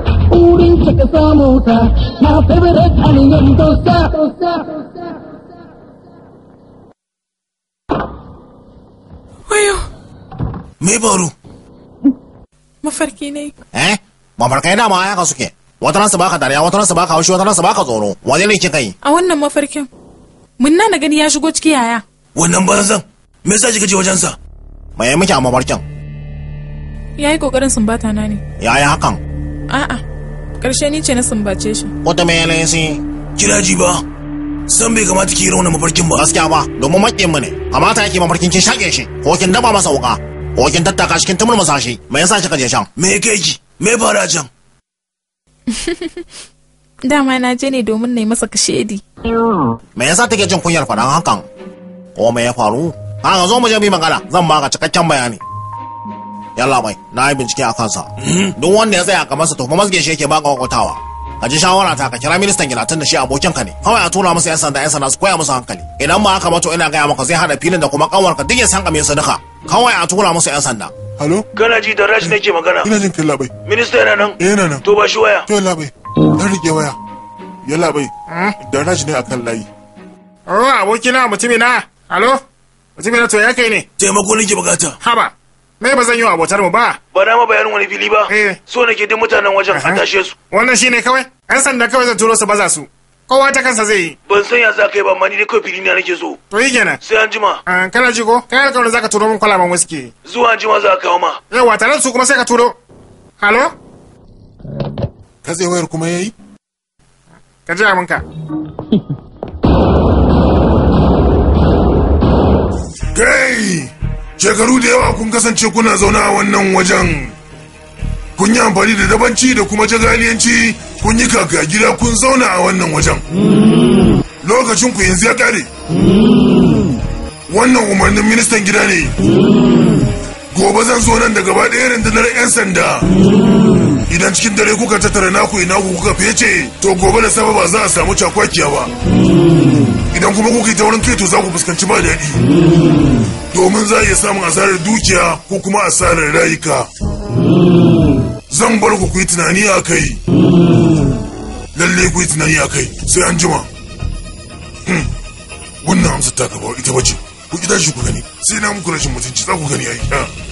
wurin ka ka samu ta na favorite aliyan dosa wayo me baro mafarki ne eh mafarkai na ma ya ka suke wata b'a ka dariya wata b'a ka haushi wata b'a ka tsoro wani ne kika yi a wannan mafarkin mun na gani ya shigo ciki yaya wannan banzan me yasa kika je wajen sa mai miki a mafarkin yayi kokarin sumbata na ne yaya hakan a'a karshe ni ce na sumbace shi wata mai yanayin sun kira ji ba san bai kamata ki rauna mafarkin ba gaskiya ba domin maƙin mu ne kamata yake mafarkin kin shaƙe shi ko kin daba masa wuka ko kin tattaka shi kin masa shi me yasa kika je can me kai ki me fara can dama na je ne domin na yi masa kashedi me yasa take jin kunyar fadan hakan ko me ya faru a zo mu je mu magana zan baka cikakken bayani yalla mai na yi bincike a kansa duk wanda ya tsaya kamar sa to kuma shi yake baka kwakwatawa ka ji shawara ta ka kira ministan gina tun da shi abokin ka ne kawai a tura masa yan sanda yan sanda su koya musu hankali idan ba haka mato to ina gaya maka zai hada filin da kuma kanwar ka duk ya san kame su duka kawai a tura musu yan sanda halo kana ji da rashin nake magana ina jin kallabai minista yana nan eh, yana nan to ba shi waya to labai dan rike waya yalla bai da rashin ne akan layi oh abokina mutumina halo mutumina to ya kai ne taimako nake bukata haba me ba zan yi wa abotar mu ba ba na ma bayanin wani fili ba eh. so nake duk mutanen wajen a tashe su wannan shine kawai an sanda kawai zan turo su baza su kowa ta kansa zai yi ban san ya za kai ba mani ni dai kawai fili na nake so to yi kenan sai an jima ah, kana ji ko kai alƙawarin zaka turo min kwalaban wiski? zuwa an jima za ka kawo ma wa tare su kuma sai ka turo halo ka zai wayar kuma yayi ka ji aminka. Gay! shekaru da yawa kun kasance kuna zauna a wannan wajen kun yi amfani da dabanci da kuma jagaliyanci kun yi kaka gida kun zauna a wannan wajen lokacin ku yanzu ya kare wannan umarnin ministan gida ne gobe zan zo nan da gaba ɗaya rundunar 'yan sanda cikin dare kuka tattara naku ina ku kuka fece to gobe da safe ba za a samu cakwakiya ba idan kuma kuka yi ta wurin to za ku fuskanci ba daɗi domin za a iya samun asarar dukiya ko kuma asarar rayuka zan bar ku yi tunani a kai lalle ku yi tunani a kai sai an jima hmm. wannan amsa ta gaba ita bace ku ki tashi ku gani sai na muku rashin mutunci za ku gani ai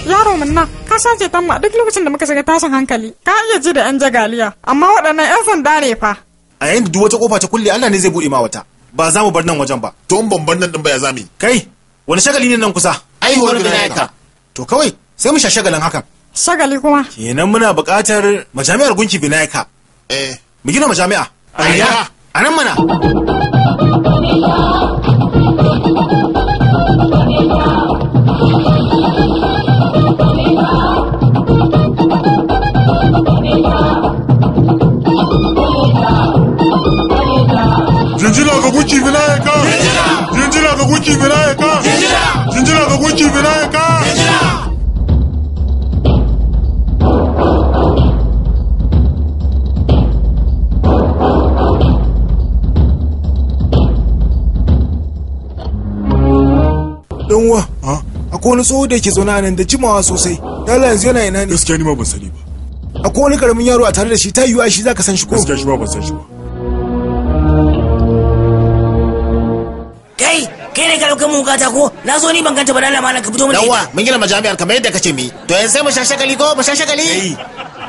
yaro min na ka sace tamma duk lokacin da muka shiga tashin hankali ka iya ji da yan jagaliya amma waɗannan yan sanda ne fa a yayin da duk wata kofa ta kulle Allah ne zai bude ma wata ba za mu bar nan wajen ba to in bar nan din ba ya zame kai wani shagali ne nan kusa aihuwar binayaka to kawai sai mu sha shagalin hakan shagali kuma kenan muna buƙatar majami'ar gunki binayaka eh mu gina majami'a a nan mana Gucci Vinayaka! Jinjira! Jinjira Vinayaka! Jinjira! Jinjira ga Gucci Vinayaka! dan uwa akwai wani tsoho da yake zaune nan da jimawa sosai dala yanzu yana ina ne gaskiya ni ma ban sani ba akwai wani karamin yaro a tare da shi ta yiwu shi zaka san shi ko gaskiya shi ba ban san shi ba kai kai ne ka dauka mun gata ko na zo ni ban ganta ba dala malam ka fito dan yawa mun gina majami'ar kamar yadda kace mi to yanzu sai mu shashagali ko mu shashagali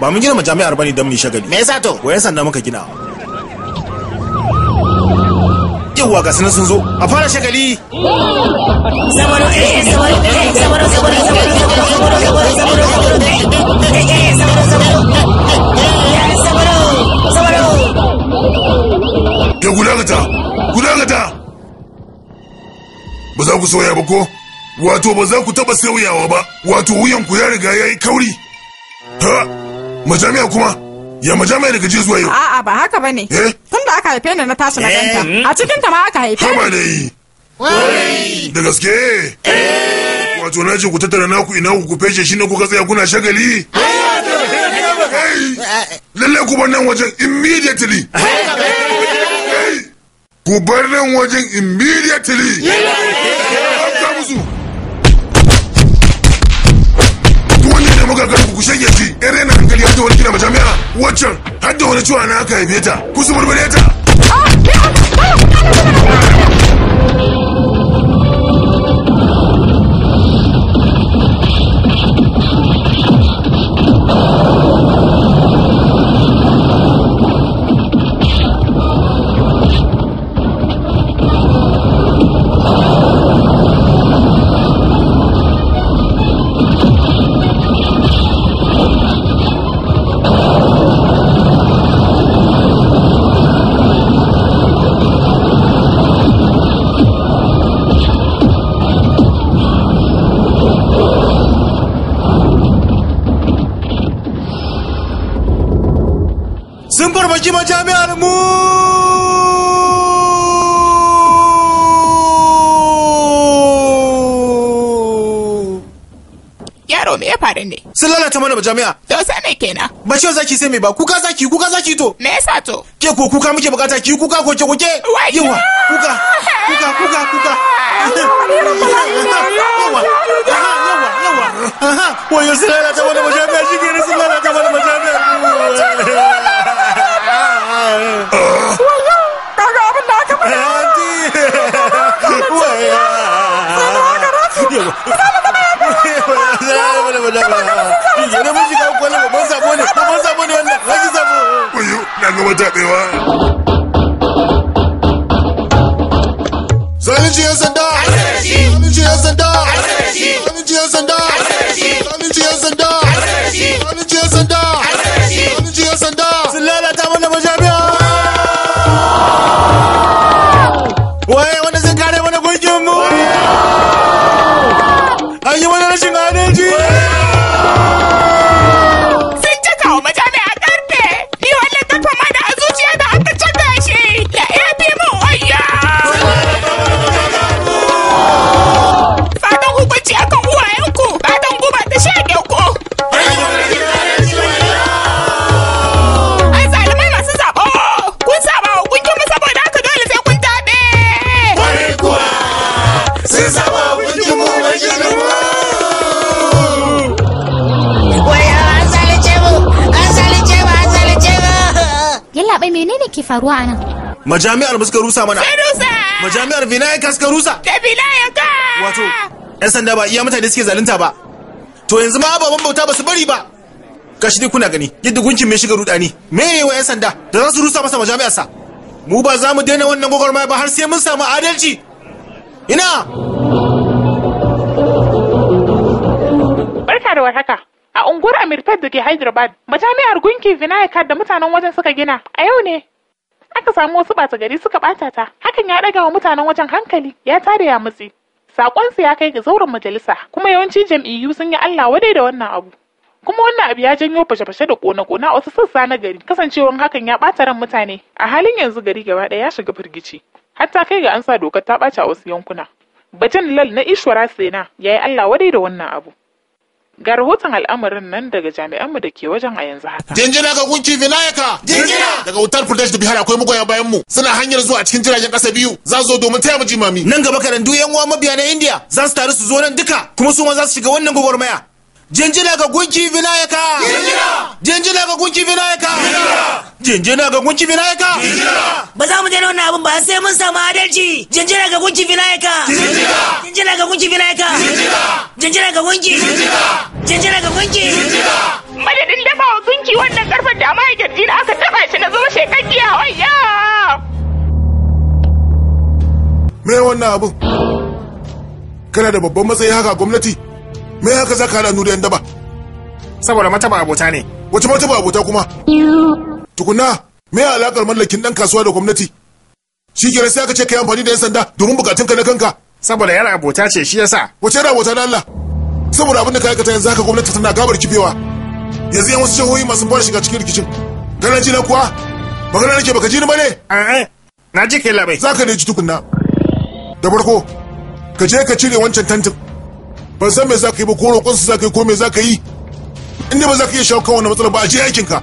ba mun gina majami'ar bane dan mu shagali me yasa to wayan sanda muka gina yawwa ga sunan sun zo a fara shagali ya gudagata gudagata ba za ku sauya ba ko wato ba za ku taba sauyawa ba wato ku ya riga ya yi kauri ha majami'a kuma ya maja mai daga jiya zuwa yau a'a ba haka bane eh? tun da aka haife ni na tashi na ganta eh? hmm? a cikin ta ma aka haife haba dai da gaske eh? wato na ce ku tattara naku ina ku feshe shi ne kuka tsaya kuna shagali lallai ku bar nan wajen immediately ku bar nan wajen immediately gushen ya ji yan rena hankali har da wani kina majami'a waccan har da wani ciwa na aka haife ta kusa murmure ta. ta mana jami'a to sai kenan ba ciwo zaki sai me ba kuka zaki kuka zaki to me yasa to ke ko kuka muke bukata ki kuka ko ke kuke yawa kuka kuka kuka kuka yawa yawa yawa wayo sai lalata mana jami'a shi ke ne sai lalata mana jami'a Yawa. bari mun shiga kwallo ba ban sabo ne ba ban sabo ne wannan haji sabo uyu na gaba tabewa faruwa a nan? Majami'ar ba suka rusa mana. rusa! Majami'ar Vinayanka suka rusa. Da Vinayanka! Wato, 'yan sanda ba iya mutane suke zalunta ba. To yanzu ma ababen bauta ba su bari ba. Kashi dai kuna gani yadda gunkin mai shiga rudani. Me ne wa 'yan sanda da za su rusa masa majami'arsa? Mu ba za mu daina wannan gwagwarmaya ba har sai mun samu adalci. Ina! Barka da warhaka. A unguwar Amirtar da ke Hyderabad, majami'ar gunki Vinayaka da mutanen wajen suka gina a yau ne aka samu wasu bata gari suka bata ta hakan ya ɗaga wa mutanen wajen hankali ya tare ya mutse Saƙonsu ya kai ga zauren majalisa kuma yawanci jam'iyyu sun yi Allah wadai da wannan abu kuma wannan abu ya janyo fashe-fashe da kona-kona a wasu sassa na gari kasancewar hakan ya ɓata ran mutane a halin yanzu gari gaba ɗaya ya shiga firgici hatta kai ga an sa dokar ta ɓaci a wasu yankuna batun Lal na Ishwara Sena ya yi Allah wadai da wannan abu. Ga rahoton al'amarin nan daga jami'anmu da ke wajen a yanzu haka. Jinjina ga gunki Vinayaka. Jinjina. Daga Uttar Pradesh da Bihar akwai magoya bayan mu. Suna hanyar zuwa cikin jiragen ƙasa biyu. Za su zo domin taya mu jimami. Nan gaba duk yan uwa mabiya na India za su taru su zo nan duka kuma su ma za su shiga wannan gwagwarmaya. Jinjina ga gunki Vinayaka. Jinjina. Jinjina ga gunki Vinayaka. Jinjina. Jinjina ga gunki Vinayaka! Jinjina! Ba za mu daina wannan abin ba sai mun samu adalci! Jinjina ga gunki Vinayaka! Jinjina! Jinjina ga gunki Vinayaka! Jinjina! Jinjina ga gunki! Jinjina! Jinjina ga gunki! Jinjina! Madadin dafa wa gunki wannan karfar da ma na aka taba shi na zama shekakkiya wayya! Me wannan abin? Kana da babban matsayi haka gwamnati? Me haka za ka hada nuriyar daba? Saboda mataba abota ne. Wace mataba abota kuma? tukuna me alakar mallakin dan kasuwa da gwamnati shi kenan sai aka ce ka yi amfani da yan sanda domin bukatun ka na kanka saboda yar abota ce shi yasa wace yar abota na Allah saboda abin da ka aikata yanzu haka gwamnati tana gabar kifewa yanzu yan wasu jihohi masu fara shiga cikin rikicin ganin ji na kuwa magana nake baka ji ni bane a'a na ji kai labai zaka ne ji tukunna da farko ka je ka cire wancan tantin ban san me zaka yi ba ko roƙon su zaka yi ko me zaka yi inda ba zaka iya shawo kan wannan matsalar ba a je aikin ka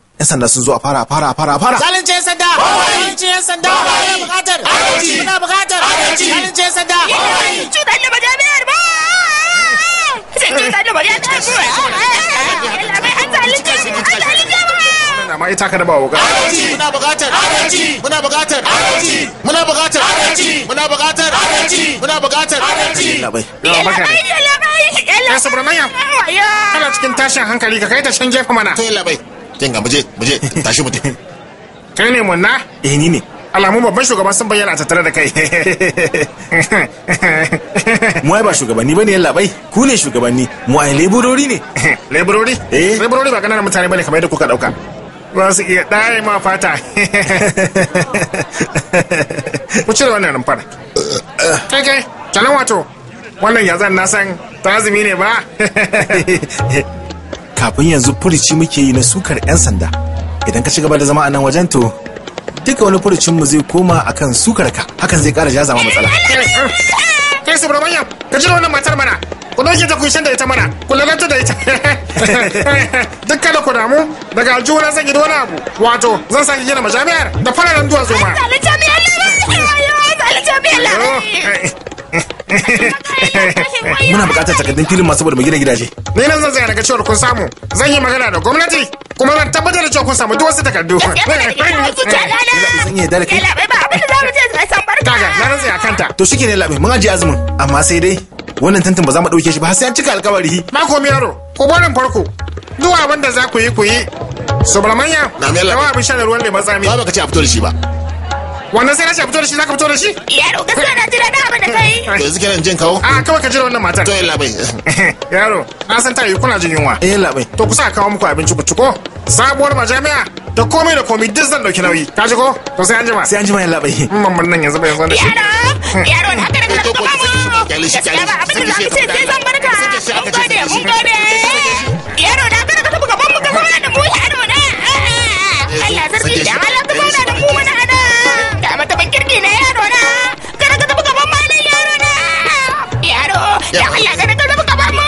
yan sanda sun zo a fara fara fara fara zalunci yan sanda zalunci yan sanda muna bukatar adalci muna bukatar adalci zalunci yan sanda cutar da ba sai cutar da majami'ar an zalunci an zalunci magana ita ka da ba wuga adalci muna buƙatar adalci muna buƙatar adalci muna buƙatar adalci muna buƙatar adalci muna buƙatar adalci muna ya ya labai muna labai ya cikin tashin hankali ka kai ta shan muna mana to tenga muje muje tashi mutum kai ne na eh ni ne alamu babban shugaban sun bayyana tattare da kai mu ai ba shugabanni bane yalla bai ku ne shugabanni mu ai leburori ne leburori eh leburori ba kananan mutane bane kamar yadda kuka dauka ba su iya ɗaya ma fata ku cire wannan fara. kai kai canan wato wannan zan na san ta ne ba kafin yanzu furici muke yi na sukar 'yan sanda idan ka ci gaba da zama a nan wajen to duka wani furucin mu zai koma akan sukar ka hakan zai kara ja zama matsala kai subramanya ka ji wannan matar mana ku dauke ta kunshin da ita mana ku lalata da ita duka da ku damu daga aljihuna zan yi wani abu wato zan sake gina majami'ar da fararen duwatsu ma Muna bukatar takardun filin masu bude gina gidaje. Ni nan zan tsaya daga cewar kun samu. Zan yi magana da gwamnati kuma zan tabbatar da cewa kun samu duk wasu takardu. Zan iya dala kai. Ba abin za mu je zai san barka. Kaga na rantsa a kanta. To shike ne labe mun aje azumin amma sai dai wannan tantan ba za mu dauke shi ba sai an cika alkawari. Mako mi yaro ku barin farko. Duk abin da za ku yi ku yi. Subramanya, da wa abin shan ruwan lemon tsami. Ba ka ce a fito da shi ba. wannan sai na shafi fito da shi zaka fito da shi yaro gaskiya na jira da abin da kai to yanzu kenan jin kawo a ah, kawai ka jira wannan matar to yalla bai yaro na san ta yi kuna jin yunwa eh yalla bai to kusa kawo muku abinci ku ciko sabuwar majami'a da komai da komai duk zan dauki nauyi ka ji ko to sai an jima sai an jima yalla bai mamman nan yanzu bai zo da shi yaro yaro na kada ka ka ba shi kyale shi ce sai zan barka mun gode mun gode yaro na kada ka mu ka zauna da mu yaro na ah, ah, eh, eh, Allah sarki da Allah ka zauna da mu mana dafi na yaro na kada ka tafi gaban malam yaro na yaro ya Allah kada ka tafi gaban mu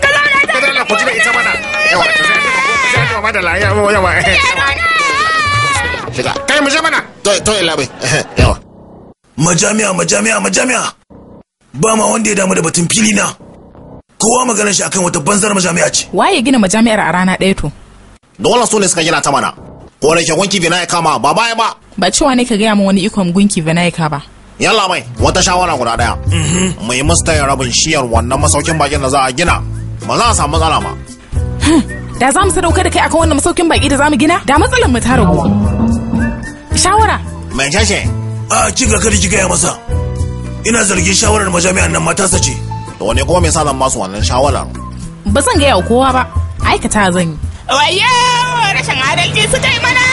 kada na ta kada na ku jira ita mana yawa ta sai ta ma da laya yawa yawa shiga kai mu je mana to to ila bai yawa majami'a majami'a majami'a ba ma wanda ya damu da batun fili na kowa maganar shi akan wata banzar majami'a ce waye gina majami'ar a rana ɗaya to dole so ne suka gina ta mana ko da ke wanki bina ya kama ba baya ba ba cewa ne ka gaya ma wani ikon gunki vinaika ba yalla mai wata shawara guda daya mhm. mai musta rabin shiyar wannan masaukin bakin da za a gina ba za a samu matsala ma da za mu sadauka da kai akan wannan masaukin baki da za mu gina da matsalar mu ta ragu shawara mai cashe a kin kada ki gaya masa ina zargin shawarar majami'an nan mata sace. Da wani kuma mai sa zan masu wannan shawarar ba zan gaya kowa ba aikata zan yi wayo rashin adalci su yi mana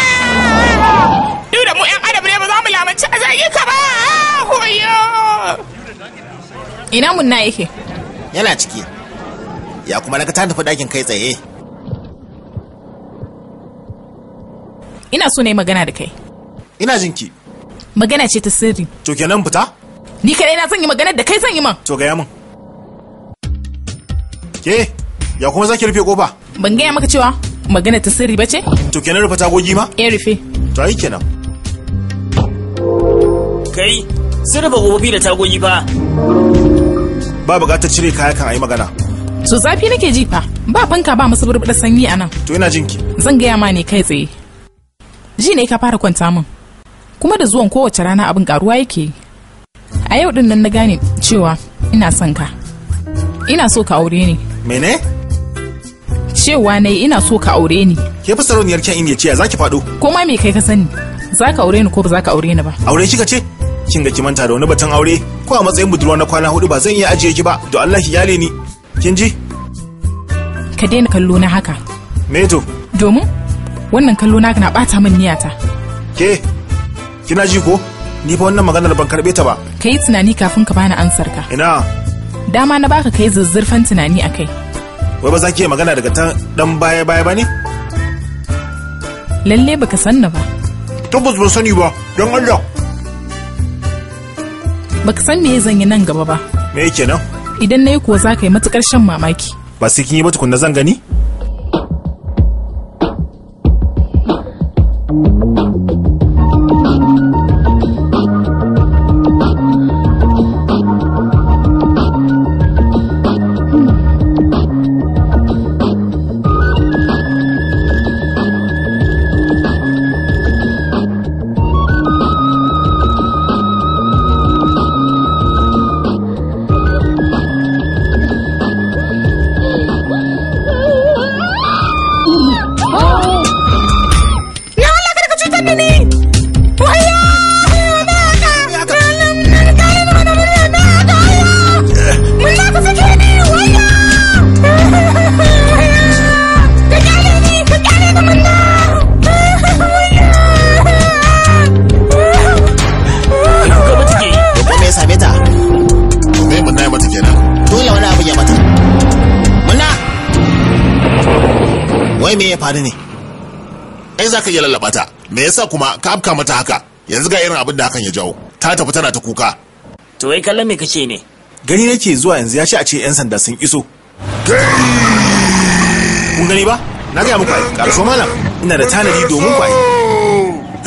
duk da mu 'yan adam ne ba za mu lamunci a zargika ba wayo ina munna yake yana ciki ya kuma na ta tafi dakin kai tsaye ina so na yi magana da kai ina jin ki. magana ce ta sirri to kenan fita ni kadai na son yi magana da kai son yi man to gaya min ke ya kuma zaki rufe kofa ban gaya maka cewa magana ta sirri ba ce to kenan rufe tagogi ma eh rufe to ai kenan kai sun rufe kofofi da tagogi fa ba ta cire kaya kan ayi magana to zafi nake ji fa ba fanka ba musu burbuɗa sanyi a nan to ina jinki zan gaya ma ne kai tsaye ji ne ka fara kwanta min kuma da zuwan kowace rana abin karuwa yake a yau din nan na gane cewa ina son ka ina so ka aure ni mene cewa na ina so ka aure ni ke fi sarauniyar kyan indiya ce za ki faɗo ko ma me kai ka sani za ka aure ni ko ba za ka aure ni ba aure kika ce kin ga ki manta da wani batun aure ko a matsayin budurwa na kwana hudu ba zan iya ajiye ki ba to Allah ki yale ni kin ji ka daina kallo na haka me to domin wannan kallo na na bata min niyata ke kina ji ko ni fa wannan maganar ban karbe ta ba Ka yi tunani kafin ka bani ansar ka ina dama na baka kai zuzzurfan tunani a kai. wai ba za ki magana daga ta dan baya baya ba ne lalle baka sanna ba tabbas ban sani ba don Allah baka san me zan yi nan gaba ba me yake nan idan yi kuwa za ka yi matukar shan mamaki ba sai kin yi ba tukunna zan gani yasa kuma ka afka mata haka yanzu ga irin abin da hakan ya jawo ta tafi tana ta kuka to wai kallon me kace ne gani nake zuwa yanzu ya ce a ce yan sanda sun iso kun gani ba na gaya muku ai karso malam ina da tanadi domin ku ai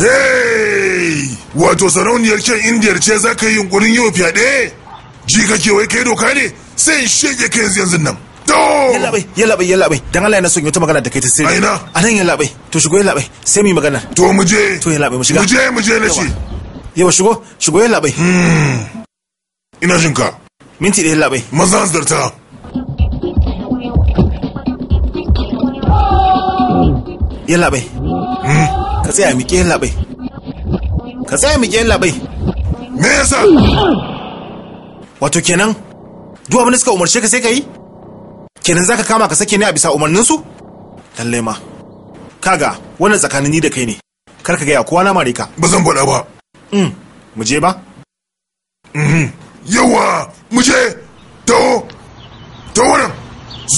hey wato sarauniyar kyan indiyar ce za ka yi yunkurin yau fyaɗe ji kake wai kai doka ne sai in shege kai yanzu yanzu nan yalla bai yalla bai yalla bai dan Allah yana son yi ta magana da kai ta sirri aina anan yalla bai to shigo ya labai sai mu yi magana to mu je to ya labai mu shiga mu je mu je na ce yawa shigo shigo ya labai hmm. ina jinka minti ɗaya labai maza zarta ya labai hmm. ka tsaya miƙe ya labai ka tsaya miƙe ya labai me yasa wato kenan duk abin da suka umarce ka sai ka yi kenan zaka kama ka sake ne a bisa su lallai ma kaga wannan tsakanin ni da kai ne kar ka gaya kowa na mare ka ba zan faɗa ba mm mu je ba mhm. yawa mu je to to nan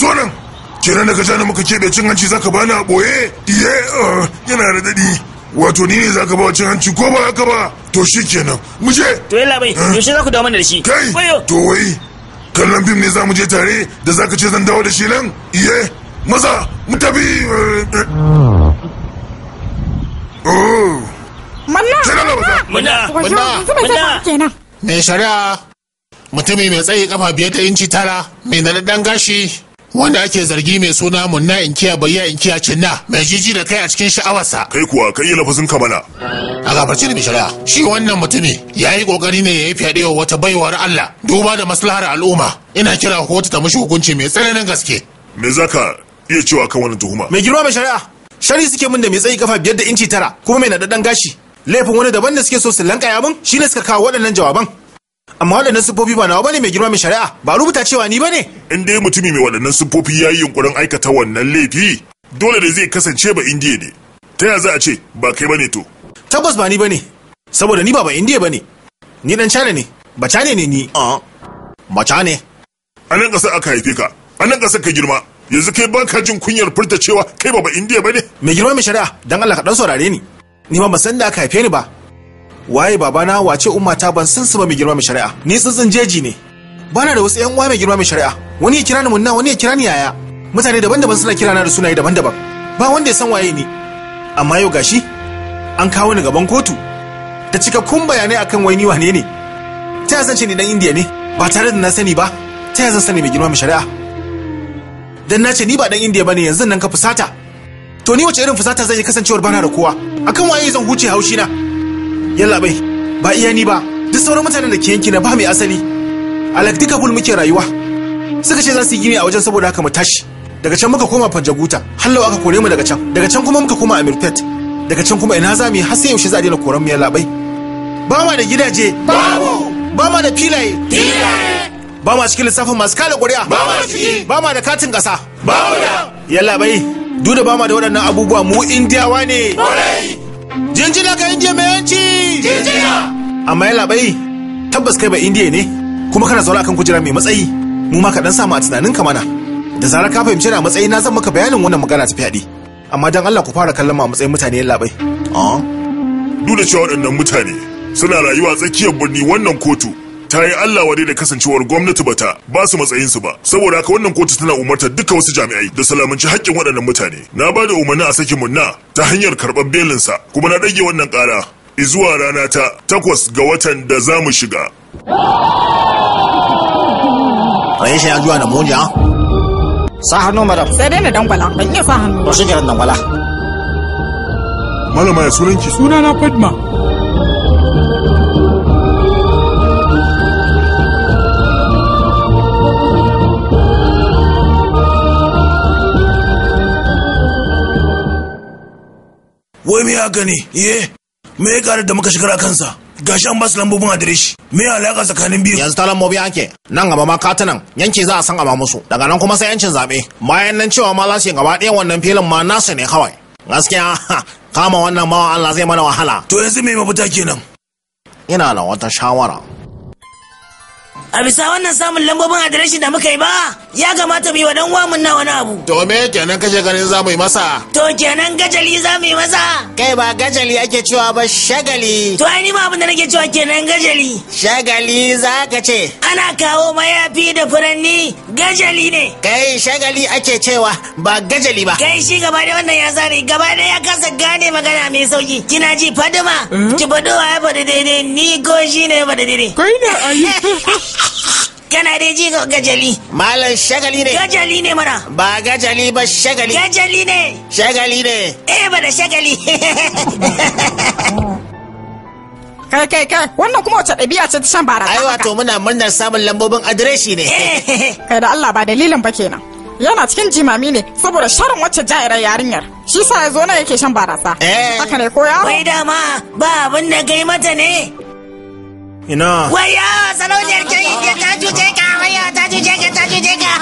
zo nan kenan da ka muka keɓe cin hanci zaka bani a ɓoye iye uh, yana da daɗi wato ni ne zaka ba wa cin hanci ko ba haka ba to shi kenan mu je to yalla bai eh? yaushe za ku dawo mana da shi kai to wai kallon fim ne za mu je tare da zaka ce zan dawo da shi nan iye maza mu eh, eh. oh. Mai shari'a mutumi mai tsayi kafa biyar da inci tara mai naɗaɗɗen gashi wanda ake zargi mai suna munna inkiya bayya inkiya cinna mai jiji da kai a cikin sha'awarsa kai kuwa kai yi lafazin ka mana a gabaci da shari'a. shi wannan mutumi ya yi kokari ne ya yi fyaɗe wa wata baiwar Allah duba da maslahar al'umma ina kira kotu ta mashi hukunci mai tsananin gaske me zaka iya cewa kan wannan tuhuma mai girma mai shari'a shari suke min da mai tsayi kafa biyar da inci tara kuma mai naɗaɗɗen gashi laifin wani daban da suke so su lankaya shi shine suka kawo waɗannan jawaban amma waɗannan siffofi ba nawa bane mai girma mai shari'a ba rubuta cewa ni bane in dai mutumi mai waɗannan siffofi ya yi yunkurin aikata wannan laifi dole da zai kasance ba indiya ne ta ya za a ce ba kai bane to tabbas ba ni bane saboda ni ba ba indiya bane ni dan cana ne ba cana ne ni a cana. ne a nan ƙasar aka haife ka a nan ƙasar ka girma yanzu kai ba ka jin kunyar furta cewa kai ba indiya ba ne mai girma mai shari'a dan allah ka dan saurare ni ni ma ban san da aka haife ni ba waye babana wace umma ta ban san su ba mai girma mai shari'a ni tsintsin jeji ne bana da wasu yan uwa mai girma mai shari'a wani ya kira ni munna wani ya kira ni yaya mutane daban-daban suna kira na da sunaye daban-daban ba wanda ya san waye ni amma yau gashi an kawo ni gaban kotu Ta cika kun bayanai akan wai ni wane ne ta yazance ni dan indiya ne ba tare da na sani ba ta zan sani mai girma mai shari'a dan na ce ni ba dan indiya bane yanzu nan ka fusata to ni wace irin fusata zan yi kasancewar bana da kowa akan waye zan huce haushi na yalla bai ba iya ni ba duk sauran mutanen da ke yanki na ba mai asali alak duka bul muke rayuwa suka ce za su yi gini a wajen saboda haka mu tashi daga can muka koma fanjaguta hallau aka kore mu daga can daga can kuma muka koma amirpet daga can kuma ina za mu yi har sai yaushe za a daina koran mu yalla bai ba ma da gidaje babu ba ma da filaye filaye ba ma cikin lissafin masu kada ƙuri'a ba ma ciki ba ma da katin ƙasa ba mu da yalla bai duk da ba ma da waɗannan abubuwa mu indiyawa ne jinjina ka indiya mai yanci jinjina amma yalla bai tabbas kai ba indiya ne kuma kana zaune akan kujera mai matsayi mu ma ka dan samu a tunanin ka mana da zarar ka fahimci na matsayi na zan maka bayanin wannan magana ta fyaɗe amma dan Allah ku fara kallon ma matsayin mutane yalla bai ah. duk da cewa waɗannan mutane suna rayuwa tsakiyar birni wannan kotu ta yi Allah wadai da kasancewar gwamnati bata ba su matsayin su ba saboda haka wannan kotu tana umartar duka wasu jami'ai da salamanci haƙƙin waɗannan mutane na ba da umarni a sakin munna ta hanyar karɓar belinsa kuma na ɗage wannan ƙara izuwa rana ta takwas ga watan da za mu shiga. shi ya zuwa da moja? Sa hannu madam. Sai dai na dangwala, ban iya sa hannu. Ba shi dangwala. Malama ya suna Sunana Fatma. wai me haka ne ye eh, me ya da muka shigar a kansa gashi an ba su lambobin adireshi me ya alaka tsakanin biyu yanzu ta lambobi anke. nan gaba ma katunan yanki za a san a musu daga nan kuma sai yancin zaɓe bayan nan cewa ma za su gaba ɗaya wannan filin ma nasu ne kawai gaskiya kama wannan mawa Allah zai mana wahala to yanzu me mafita kenan ina da wata shawara a bisa wannan samun lambobin adireshin da muka yi ba ya kamata mu yi wa dan wamun na wani abu to me kenan kashe ganin za mu yi masa to kenan gajali za mu yi masa kai ba gajali ake cewa ba shagali to ai ni ma abin da nake cewa kenan gajali shagali za ka ce ana kawo mayafi da furanni gajali ne kai shagali ake cewa ba gajali ba kai shi gaba da wannan ya zare gaba da ya kasa gane magana mai sauki kina ji fadima eh? ki faɗo ya faɗi daidai ni ko shi ne ya faɗi daidai kai na ayi kana dai ji gajali malam shagali ne gajali ne mana ba gajali ba shagali gajali ne shagali ne eh ba da shagali kai kai kai wannan kuma wace ɗabi'a ce ta shan barasa ai wato muna murnar samun lambobin adireshi ne eh. kai da Allah ba dalilin ba kenan yana cikin jimami ne saboda sharon wacce ja'irar yarinyar shi sa ya zo na yake shan barasa eh haka ne koya wai dama ba abin da gai mata ne ina waya sarauniyar ke ta cuce ka waya ta cuce ka ta cuce ka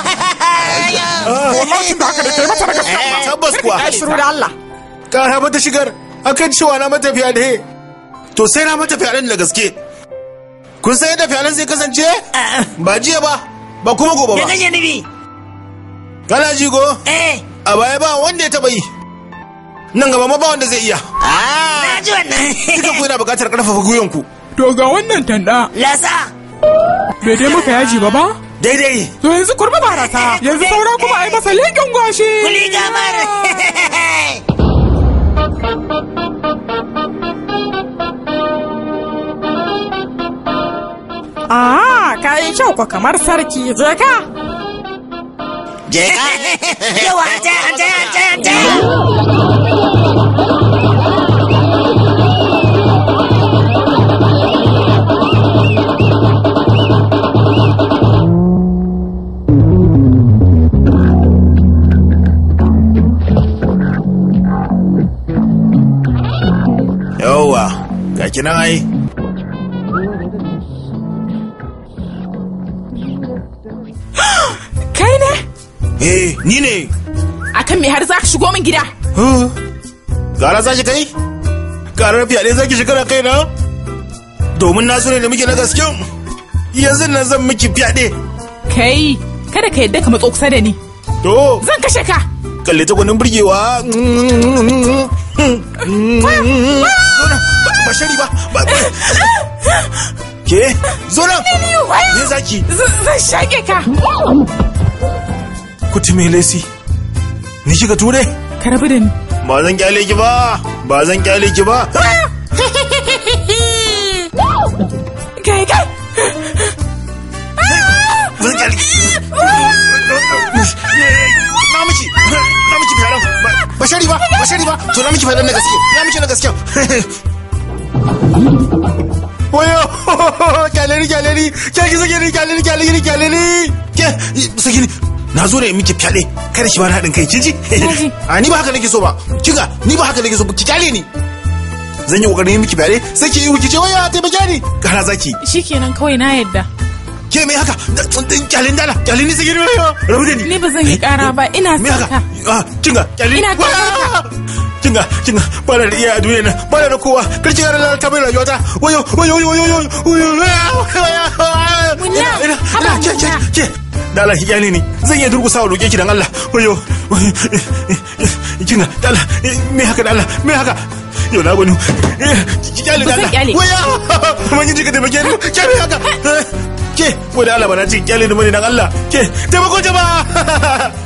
wallahi da haka da kai mata daga sama tabbas kuwa ai shiru da Allah kara mata shigar akan cewa na mata fiya da to sai na mata fiya da gaske kun san yadda fiyalan zai kasance ba jiya ba ba kuma gobe ba ya kashe nufi kana jigo eh a baya ba wanda ya taɓa yi nan gaba ma ba wanda zai iya. Na ji wannan. Duka ku yana buƙatar ƙarfafa gwiwanku. To ga wannan tanda. Lasa. Bai dai muka yaji ba ba? Daidai. To yanzu kurba barasa. Yanzu saura kuma ai masa leƙen gwashi. Kuli gamar. Ah, kayan kyau ko kamar sarki, je ka. Je ka. Yawa, je, je, je, je. kenan ai kai ne eh ni ne kan me har za ka shigo min gida gara za shi kai karar fyaɗe za ki shiga kai na domin na sune ne da muke na gasken yanzu na zan miki fyaɗe kai kada ka yadda ka matso kusa da ni to zan kashe ka kalle ta gwanin burgewa ba ba ba ke zo me zaki zan shage ka kuti me lesi ni shiga ture ka rabu da ni ba zan kyale ki ba ba zan kyale ki ba kai kai zan kyale na miki na ba shari ba ba shari ba to na miki na gaske na miki na gaske Oyo kyaleri kyaleri kya gizo kyaleri kyaleri kyaleri kyaleri Gel! Bu na zo da miki fyaɗe Kare shi bana haɗin kai kin ji a ni ba haka nake so ba kiga ni ba haka nake so ba ki kyale ni zan yi kokarin miki fyaɗe sai ki yi wuki ce waya taimake ni kara zaki shikenan kawai na yadda ke mai haka tsuntsun kyalin dala kyalin nisa girma rabu da ni ni ba zan yi kara ba ina sa ka kinga ah, kyalin ina kara kinga kinga ba da iya duniya na ba da kowa kar ki gara lalata mai rayuwata wayo wayo wayo wayo wayo wayo ina ina ke zan iya durgusa wa roke ki dan Allah wayo kinga da me haka da me haka yau na gwani eh, ki kyale da wayo kuma kin ji ka taimake kyale haka eh, ke wai da Allah ba ci kyale da mani dan Allah ke taimako jama'a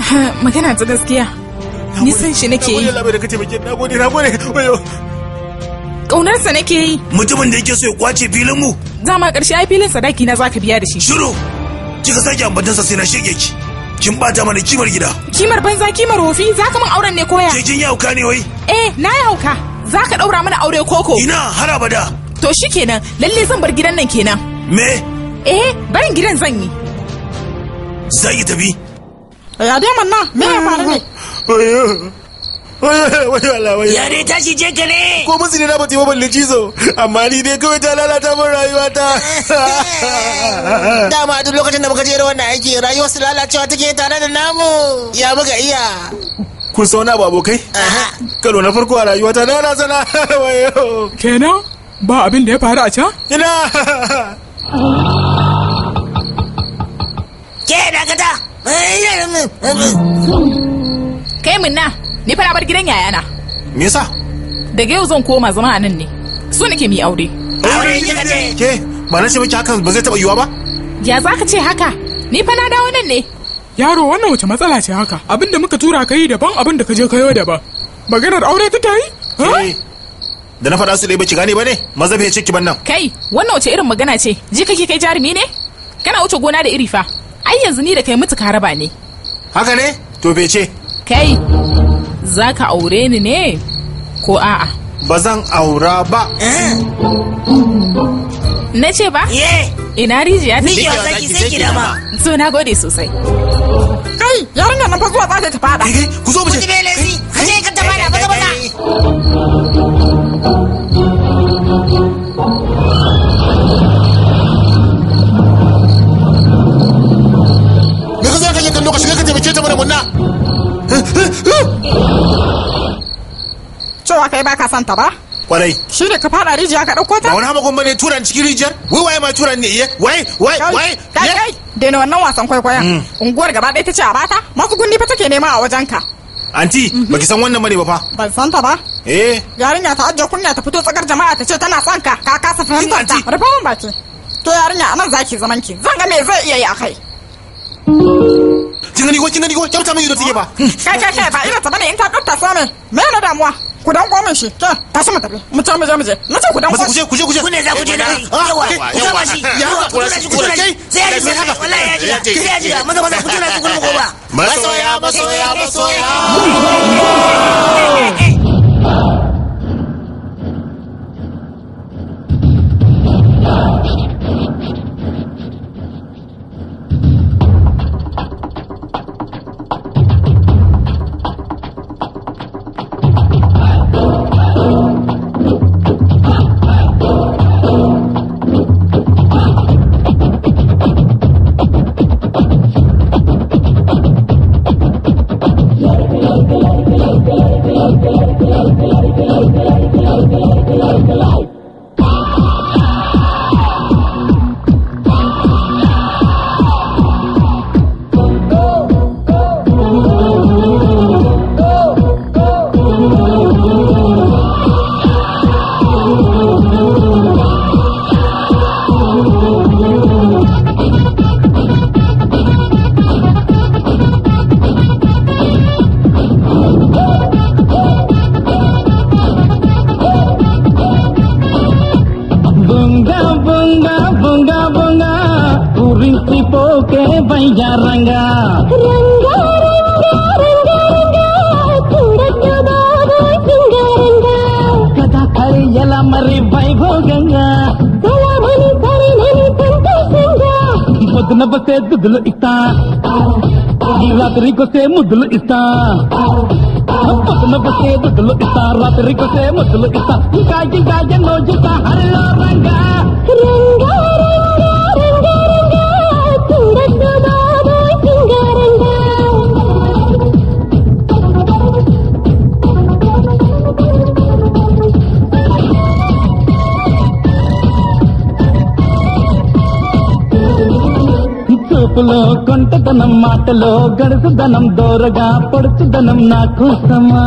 magana ta gaskiya ni san shi nake yi nagode nagode wayo kaunarsa nake yi mutumin da yake so ya kwace filin mu dama karshe ai filin sadaki na zaka biya da shi shiru kika sake ambatansa sai na shege ki kin bata mana kimar gida kimar banza kimar hofi zaka min auren ne koya ke kin yi hauka ne wai eh na yi hauka zaka daura mana aure koko ina har abada to shikenan lalle zan bar gidan nan kenan me eh barin gidan zan yi zai tafi ya dai manna me ya fara ne Yare ta shi je ka ne. Ko musu ne na bati maballi cizo, amma ni dai kawai ta lalata min rayuwata. Dama duk lokacin da muka je wannan aiki rayuwar su lalacewa take tare da namu. Ya muka iya. Kun sauna ba abokai? Kalo na farko a rayuwata na na sana. Kenan ba abin da ya faru a can? Ina. Ke dakata. Kai mun na, ni fara bar gidan yayana. Me yasa? Daga yau zan koma zama a nan ne. So nake mi aure. Aure kika ce? Ke, ba na ce miki hakan ba zai taba yiwa ba? Ya za ka ce haka? Ni fa na dawo nan ne. Yaro wannan wace matsala ce haka? Abin da muka tura ka yi daban abin da ka je kayo daban. Maganar aure ta tayi? Da na faɗa su dai baci gane ba ne? Maza bai ce ki ban nan. Kai, wannan wace irin magana ce? Ji kake kai jarumi ne? Kana wuce gona da iri fa. ai yanzu ni da kai mutu ka raba ne haka ne to ce. kai za ka aure ni ne ko a'a ba zan aura ba eh. na ce ba ina rijiya ta dike wa sai ki dama so na gode sosai kai yarinya nan fa zuwa ba. ta fada eh, eh, ku zo mu je ku je ka ta da ba ba mana munna cewa kai baka son ta ba kwarai shi ne ka fada rijiya ka ɗauko ta ba wani hamakon bane turan cikin rijiyar wai waye ma turan ne iye Wai wai wai. kai daina wannan wasan kwaikwayon mm. unguwar gaba ɗaya ta ce a bata masu gunni fa take nema a wajen ka anti mhm. baki san wannan bane ba fa ban san ta ba eh yarinya ta ajiye kunya ta fito tsakar jama'a ta ce tana son ka ka kasa fahimta ta rufa baki to yarinya nan zaki zaman ki zan ga me zai iya yi akai kin gani ko kin gani ko kyauta mai ido tike ba kai kai kai ba irin ta bane in ta dukta so min me na damuwa ku dan goma shi ta tashi mu tafi mu ta mu je mu je na ce ku dan goma kuje kuje kuje kune za ku je da yawa ku shi yawa ku tuna ku tuna sai ya ji haka wallahi ya ji ya ji ya ji maza maza ku tuna shi ku masoya masoya masoya ముద్దులు ఇస్తా ఈ రాత్రికొస్తే ముద్దులు ఇస్తా పక్కనకొస్తే ముద్దులు ఇస్తా రాత్రికొస్తే ముద్దులు ఇస్తా ఇంకా ఇంకా ఎన్నో చూస్తా హరిలో రంగా రంగా కొంటదనం మాటలో గడుసుదనం దోరగా ధనం నా కోసమా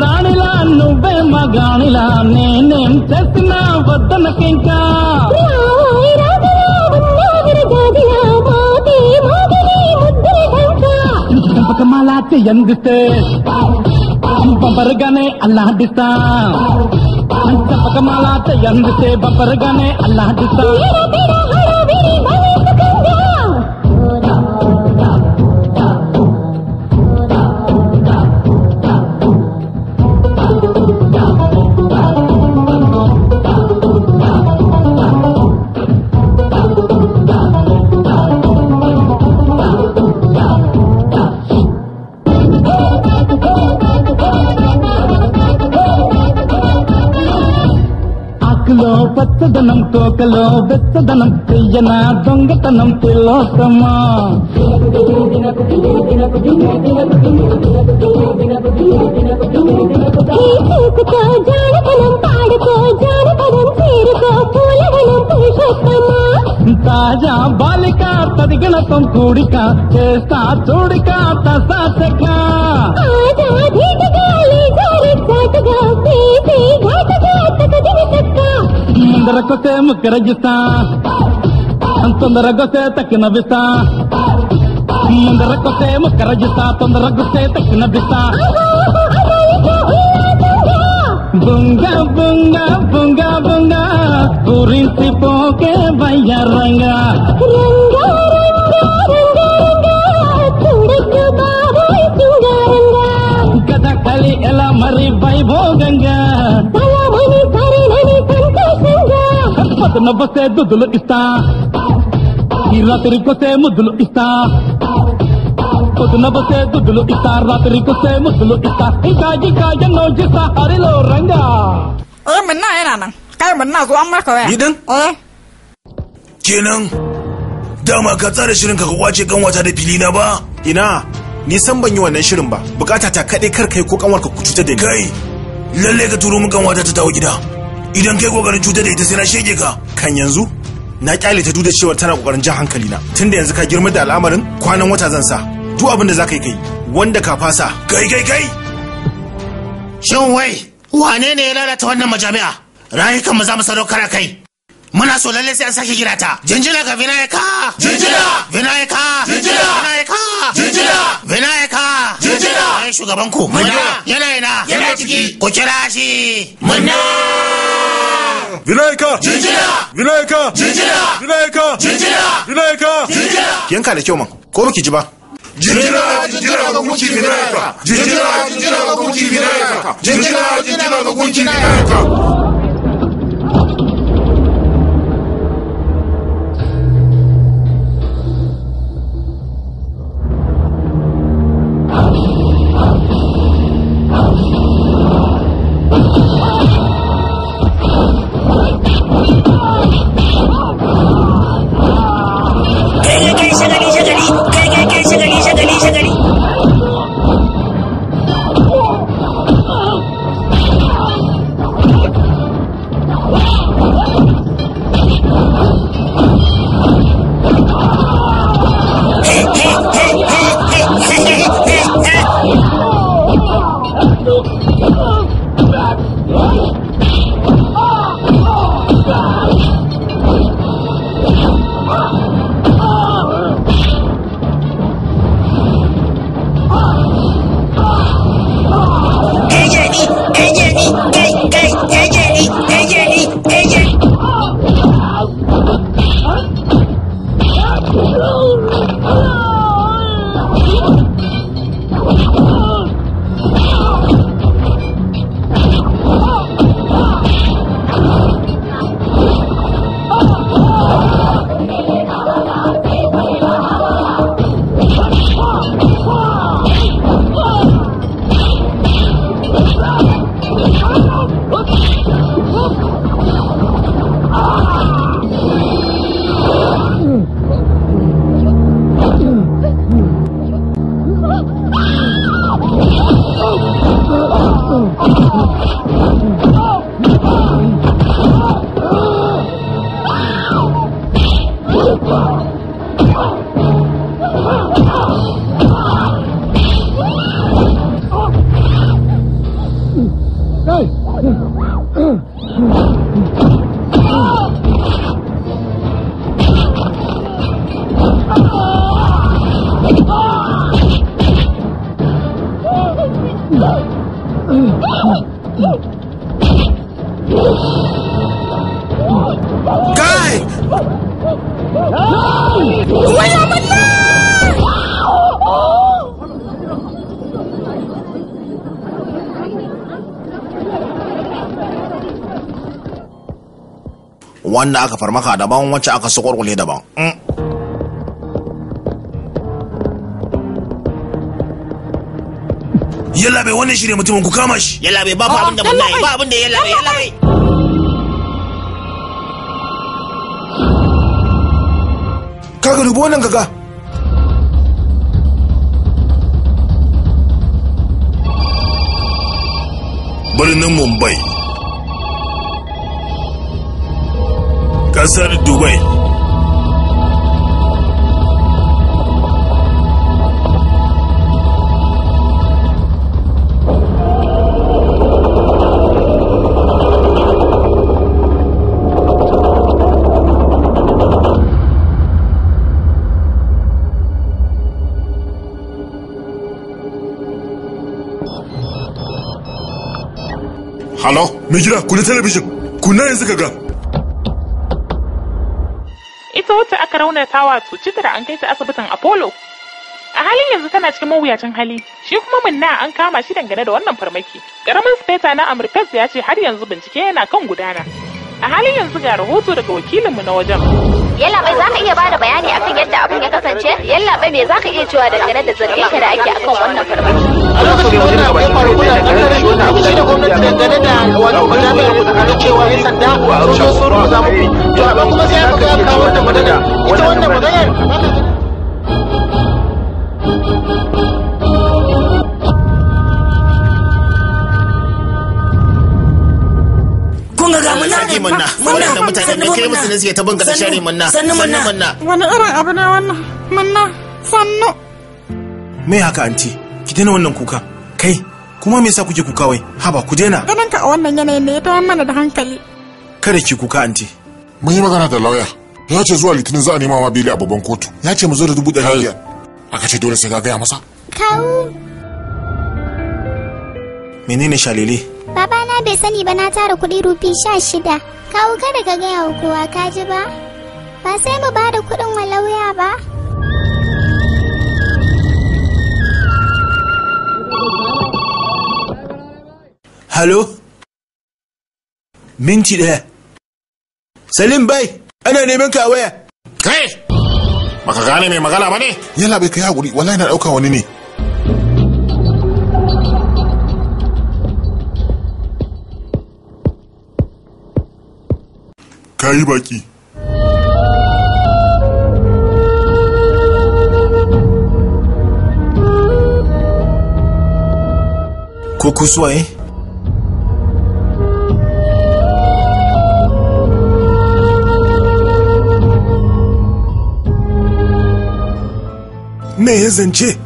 రాణిలా నువ్వే మగాణిలా నేనేం చేసినా వద్దనకింకా ಛಾತಿಯಂದಿತೆ ಬಬರ್ಗನೆ ಅಲ್ಲಾಡಿಸ ಪಂಚಪಕಮಾಲಾತ ಎಂದಿತೆ ಬಬರ್ಗನೆ ಅಲ್ಲಾಡಿಸ పార్కులో పచ్చదనం తోకలో వెచ్చదనం చెయ్యన దొంగతనం తిలోసమా తాజా బాలిక తదిగణతం కూడిక చేస్తా చూడిక తసాసగా ತೊಂದರಕ್ಕೊಸೆ ಮುಕ್ಕರಗಿಸ್ತಾ ತೊಂದರಗೊಸೆ ತಕ್ಕಿನ ಬಿಸ್ತ ಮುಂದರಕ್ಕೊಸೆ ಮುಕ್ಕರಗಿಸ್ತಾ ತೊಂದರಗೊಸೆ ತಕ್ಕಿನ Biswa bunga bunga bunga bunga குறித்து போக வையறங்க கதகளி எல்லாம் மறி வைபோகங்க మత నవ్వసే దుద్దులు ఇస్తా ఈ రాత్రికొసే ముద్దులు ఇస్తా పొద్దున బసే దుద్దులు ఇస్తా రాత్రికొసే ముద్దులు ఇస్తా ఇంకా ఇంకా ఎన్నో చేస్తా హరిలో రంగా ఏ muna yana nan kai muna zuwa maka waya idan eh. kenan dama ka tsara shirin ka kwace kanwata da filina ba ina ni san ban yi wannan shirin ba bukata ta kaɗai kar kai ko ka ku cutar da ni kai lalle ka turo mu kanwata ta ta gida idan kai kokarin cutar da ita sai na shege ka kan yanzu na kyale ta duda cewa tana kokarin jan hankali na tunda yanzu ka girma da al'amarin kwanan wata zan sa duk abin da za ka yi kai wanda ka fasa kai kai kai shin wai wane ne ya lalata wannan majami'a rayukan mu za mu sadaukar kai muna so lalle sai an sake kira ta jinjina ga vinayaka jinjina vinayaka jinjina vinayaka jinjina vinayaka jinjina ai shugaban ku munna yana ina yana ciki ku kira shi munna Vinayaka! Jinjina! Vinayaka! Jinjina! Vinayaka! Jinjina! Vinayaka! Jinjina! Yanka da kyau man, ko baki ji ba? Jinjina! Jinjina ga gunki Vinayaka! Jinjina! Jinjina ga gunki Vinayaka! Jinjina! Jinjina ga gunki Vinayaka! wanda aka farmaka daban wacce aka sukwarkule daban mm. yallabe wannan shi ne mutumin ku kama shi yalla bai ba abin da mun yi ba abin da yalla abinda yallabe yallabe kaga dubo wannan kaga birnin mumbai ƙasar dubai Halo? Mai i d a kuna t e l e v i j i n kuna yanzu ga raunatawa cutar an kai ta asibitin Apollo. A halin yanzu tana cikin mawuyacin hali, shi kuma minna an kama shi dangane da wannan farmaki. Karamin speta na Amurkas ya ce har yanzu bincike yana kan gudana. A halin yanzu ga rahoto daga wakilinmu na wajen. Yalla bai za ka iya bada bayani akan yadda abin ya kasance? Yalla bai me za ka iya cewa dangane da zargin da ake akan wannan farmaki? a lokacin wannan abu ya faru kuna ƙarƙarin lokaci da gwamnati dangane da wato matakin kuɗi cewa ya sanda sun zo sun rubuta muku to amma kuma sai aka ga kawo da magana ita wannan maganar share manna waɗanda mutanen da kai musu ne suke ta bin gada share manna sannu manna wani irin abu ne wannan manna sannu me haka anti ki daina wannan kuka kai kuma me yasa kuke kuka wai haba ku daina ganin ka a wannan yanayin ne ya tawar mana da hankali kada ki kuka anti mun yi magana da lauya ya ce zuwa litinin za a nema ma bili a babban kotu ya ce mu zo da dubu ɗari biyar aka ce dole sai ka gaya masa kawu menene shalele baba na bai sani ba na tara kuɗi rufi sha shida kawu kada ka gaya wa kowa ka ji ba ba sai mu ba da kuɗin wa lauya ba Halo? Minti ɗaya. Salim bai, ana neman ka waya. Kai! Baka gane mai magana ba ne? Yalla bai kai haƙuri, wallahi na ɗauka wani ne. Ka yi baki. Ko kusuwa eh? me ya zance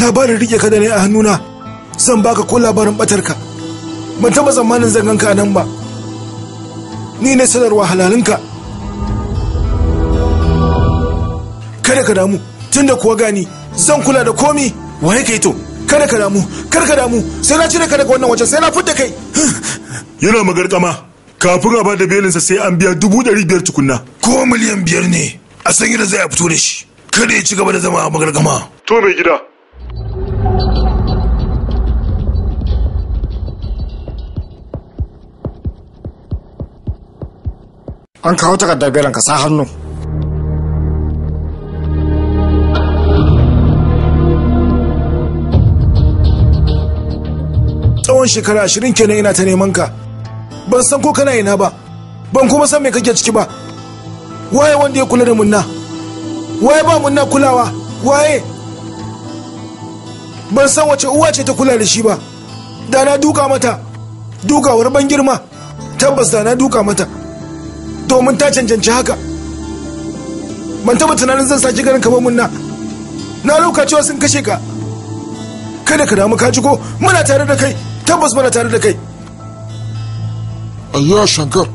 labarin rike ka da ne a hannuna zan baka ko labarin batarka ban taɓa tsammanin zan ka a nan ba ni ne sanarwa halalinka kada ka damu tunda kuwa gani zan kula da komi waye kai to kada ka damu kada ka damu sai na cire ka daga wannan wajen sai na fudda kai yana magarkama kafin a ba da belinsa sai an biya dubu ɗari biyar tukunna ko miliyan biyar ne a san yadda zai a fito da shi kada ya ci gaba da zama a magargama to mai gida an kawo takardar belanka sa hannu tsawon shekara ashirin kenan ina ta neman ka ban san ko kana ina ba ban kuma san me kake ciki ba waye wanda ya kula da munna waye ba mun na kulawa waye ban san wace uwa ce ta kula da shi ba da na duka mata dukawar ban girma tabbas da na duka mata domin ta cancanci haka ban taba tunanin zan garin ka ba munna na lauka cewa sun kashe ka kada ka damu kaji ko muna tare da kai tabbas muna tare da kai ayya shankar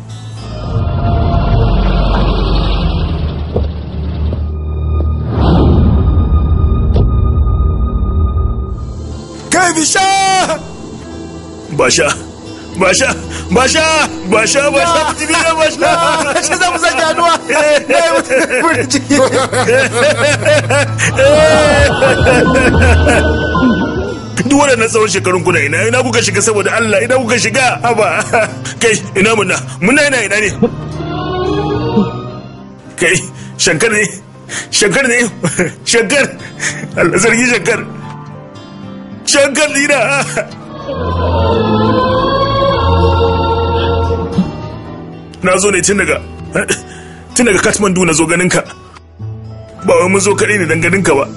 basha basha basha. basha basha basha basha basha basha basha basha basha basha na duk tsawon shekarun kuna ina ina kuka shiga saboda Allah ina kuka shiga haba kai ina muna muna ina ina ne kai shankar ne shankar ne shankar Allah shankar shankali na na zo ne tun daga tun daga katmandu na zo ganin ka ba wai mun zo kaɗai ne don ganin ka ba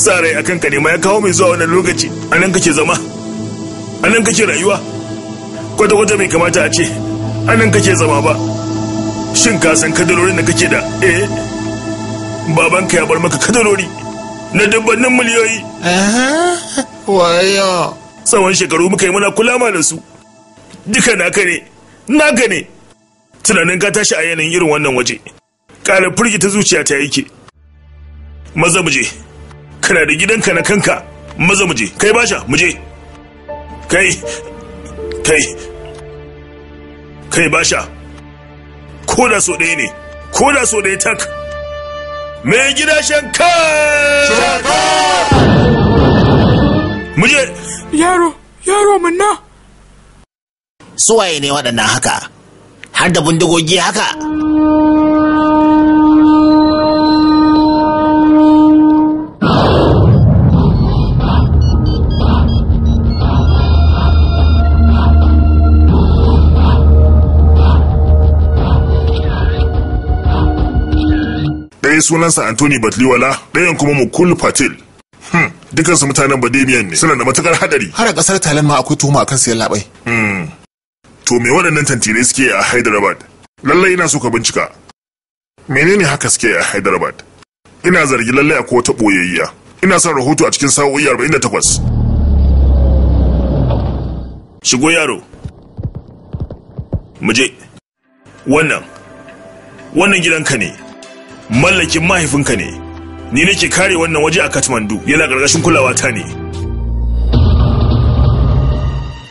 sa rai akan ka ne ma ya kawo mai zuwa wannan lokaci a nan kake zama a nan kake rayuwa kwata-kwata bai kamata a ce a nan kake zama ba shin ka san kadarorin da kake da eh babanka ya bar maka kadarori na dubbannin miliyoyi waya tsawon shekaru muka yi mana kulama da su duka naka ne naka ne tunanin ka tashi a yanayin irin wannan waje ƙara ta zuciya ta yake maza muje kana da gidanka na kanka maza muje kai basha muje kai kai kai basha ko da so ɗaya ne ko da so ɗaya tak mai gida shanka muje yaro yaro munna suwaye ne waɗannan haka har da bindigogi haka ɗaya sunansa Anthony Batliwala ɗayan kuma Mukul Patel. Hmm. Dukansu mutanen Bademian ne suna da matukar haɗari Har a ƙasar Thailand ma akwai tuhuma akan siyan labai. Hmm, to me waɗannan tantirai suke a Hyderabad? Lallai ina so ka bincika. Menene haka suke a Hyderabad? Ina zargi lallai akwai wata ɓoyayya. Ina son rahoto a cikin sa'o'i 48. Shigo yaro. Muje. Wannan. Wannan gidanka ne. mallakin mahaifinka ne ni nake kare wannan waje a Kathmandu yana ƙarƙashin kulawa ta ne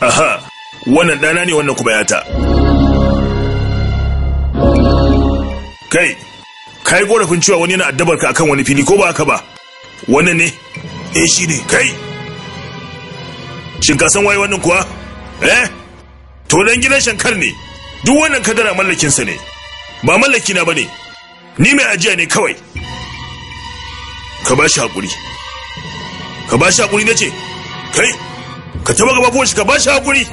aha wannan ɗana ne wannan kuma yata kai kai gorafin cewa wani yana addabar ka akan wani fili ko ba haka ba wannan ne eh shi ne kai shin ka san waye wannan kuwa eh to dan gidan shankar ne duk wannan kadara mallakinsa ne ba na ba ne ni mai ajiya ne kawai ka ba shi haƙuri ka ba shi haƙuri na ce kai ka taba gaba shi ka ba shi haƙuri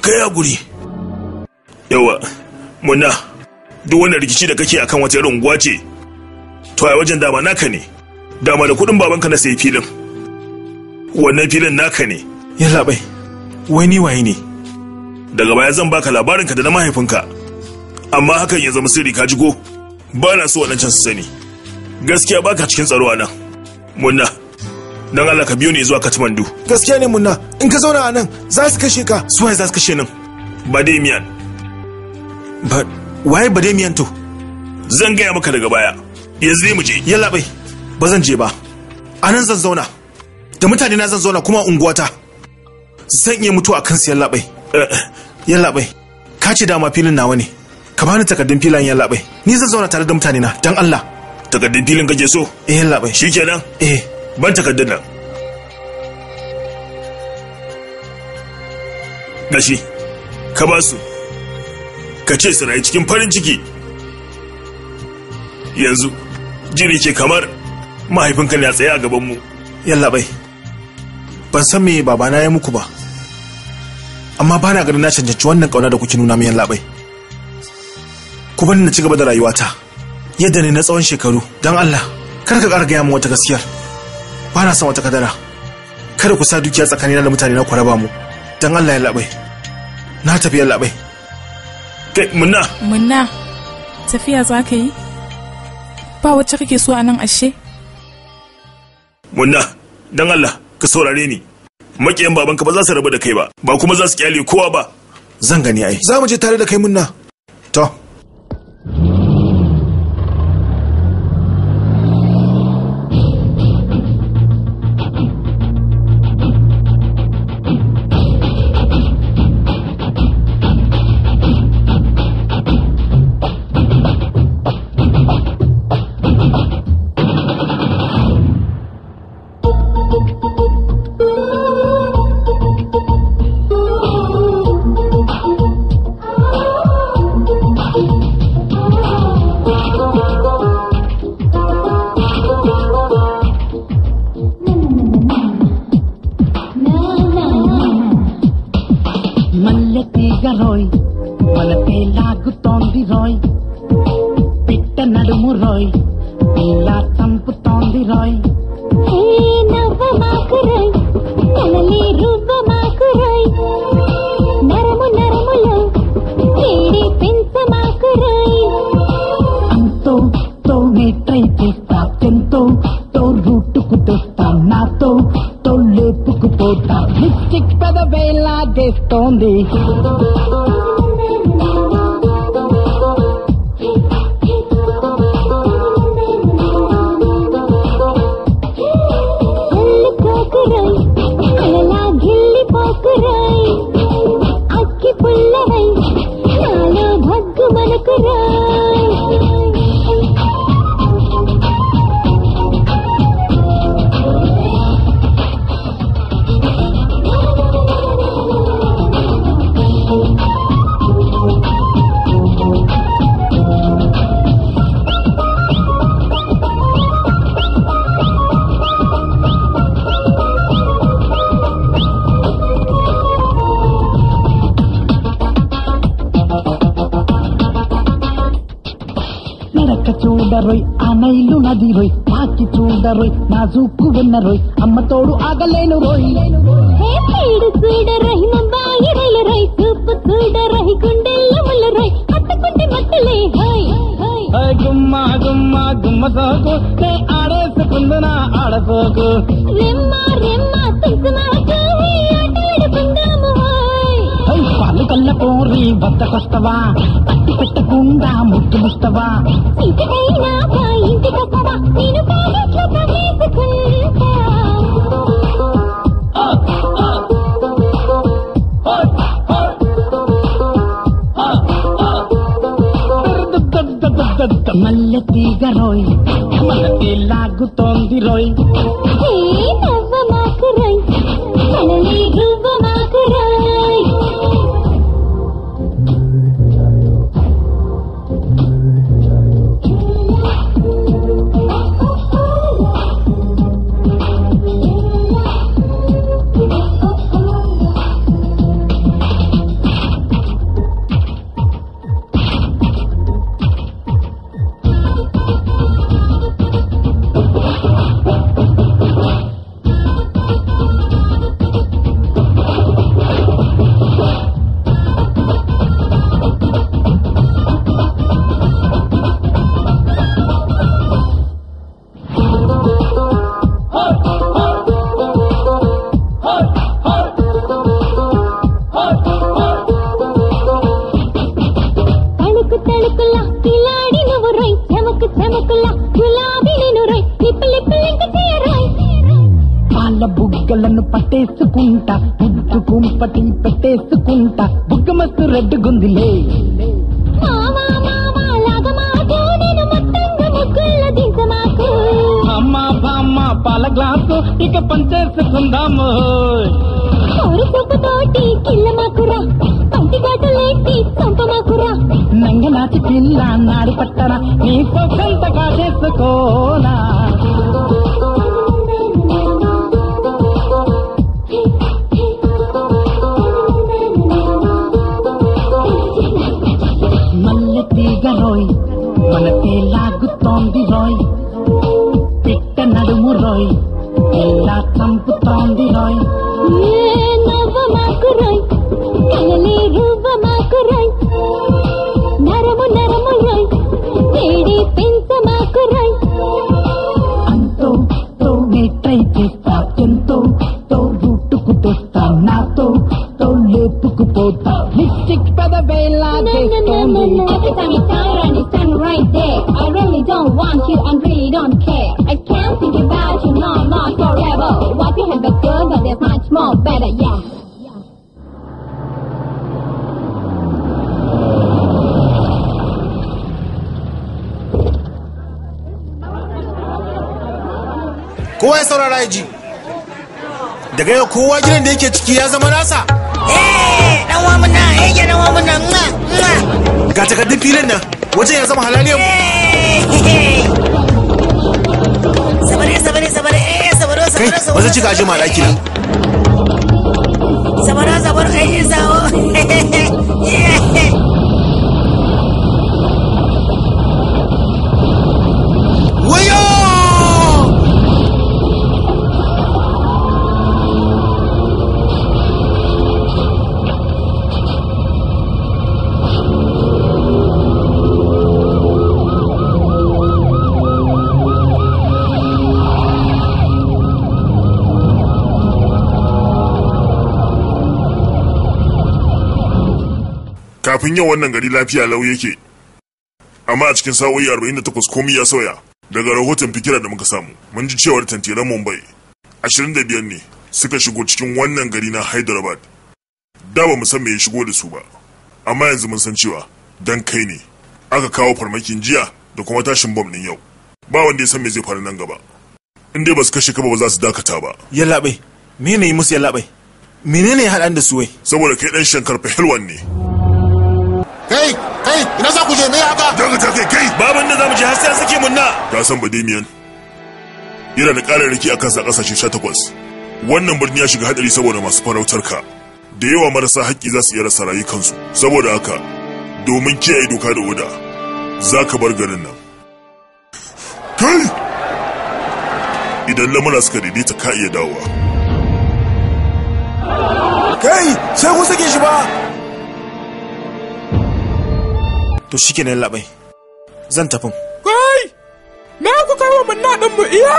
ka yi haƙuri yawa muna duk wannan rikici da kake akan wata irin gwace ce to a wajen dama naka ne dama da kuɗin babanka na sayi filin wannan filin naka ne ya labai wai ni waye ne daga baya zan baka labarinka da na mahaifinka amma hakan ya zama sirri ka jigo ba na so can su sani gaskiya baka cikin tsaro a nan munna don allah ka biyo ne zuwa Kathmandu gaskiya ne munna in ka zauna a nan za su kashe ka su waye za su kashe nan bademian ba waye bademian to zan gaya maka daga baya yanzu ne mu je yalla bai ba zan je ba a nan zan zauna da mutane na zan zauna kuma unguwata zan iya mutu a kansu yalla bai eh, eh. yalla bai ka ce dama filin nawa ne ka bani takardun filayen yan labai ni zan zauna tare da mutane na dan Allah takardun filin gaje so eh yan labai shikenan eh ban takardun nan gashi ka ba su ka ce su rayu cikin farin ciki yanzu jini ke kamar mahaifinka ne a tsaye a mu yan labai ban san me babana ya muku ba amma bana ganin na cancanci wannan kauna da kuke nuna min yan labai ku bani na ci gaba da rayuwata yadda ne na tsawon shekaru don Allah kar ka ƙara gaya min wata gaskiyar ba na son wata kadara kada ku sa dukiya tsakanina da mutane na ku raba mu don Allah ya labai na tafi ya labai kai munna munna tafiya za ka yi ba wacce kake so a nan ashe munna don Allah ka saurare ni makiyan babanka ba za su rabu da kai ba ba kuma za su kyale kowa ba zan gani ai za mu je tare da kai munna to చూడరోయ్ ఆ నైలు నది రోయ్ తాకి చూడరోయ్ నా జూకు విన్నరోయ్ అమ్మ తోడు ఆగలేను రోయ్ చూడు చూడరోయ్ నా బాయి రోయ్ చూపు చూడరోయ్ గుండెల్లో రోయ్ అత్తకుంటే మత్తలే హాయ్ హాయ్ గుమ్మ గుమ్మ గుమ్మ సోకు నే ఆడేసుకుందునా ఆడసోకు రెమ్మ రెమ్మ తుంకుమాకు పల్లకూరి వద్దకొస్తవా పట్టి పెట్టకుండా ముద్దులుస్తవా మల్లె తీగ రోయ్ మల్లె లాగుతోంది రోయ్ మాకు రోయ్ kowa ya saurara ya ji daga yau kowa gidan da yake ciki ya zama nasa eh, eh, ga takardun filin nan wajen ya zama halaliyan eh, sabare sabare sabare cika ajiyar malaki na sabaro sabaro eh zawo kafin yau wannan gari lafiya lau yake amma a cikin sa'o'i 48 komai ya sauya daga rahoton fikira da muka samu mun ji cewar tantiran mumbai biyar ne suka shigo cikin wannan gari na hyderabad da ba mu san me ya shigo da su ba amma yanzu mun san cewa dan kai ne aka kawo farmakin jiya da kuma tashin bom din yau ba wanda ya san me zai faru nan gaba in dai ba su kashe ka ba za su dakata ba yallaɓai me ne yi musu yallaɓai menene ya haɗa da su wai saboda kai ɗan shankar fahilwan ne kai kai ina za ku je me haka don ka kai kai baban da zamu je har sai an sake mun na ka san bademiyan yana da karar riki a sa ƙasashe 18 wannan birni ya shiga hadari saboda masu farautar ka da yawa marasa haƙƙi za su iya rasa rayukansu saboda haka domin kiyaye doka da oda za ka bar garin nan kai idan lamura suka daidaita ka iya dawowa kai sai ku sake shi ba to shi kenan labai zan tafin kai me ku kawo mun naɗin mu iya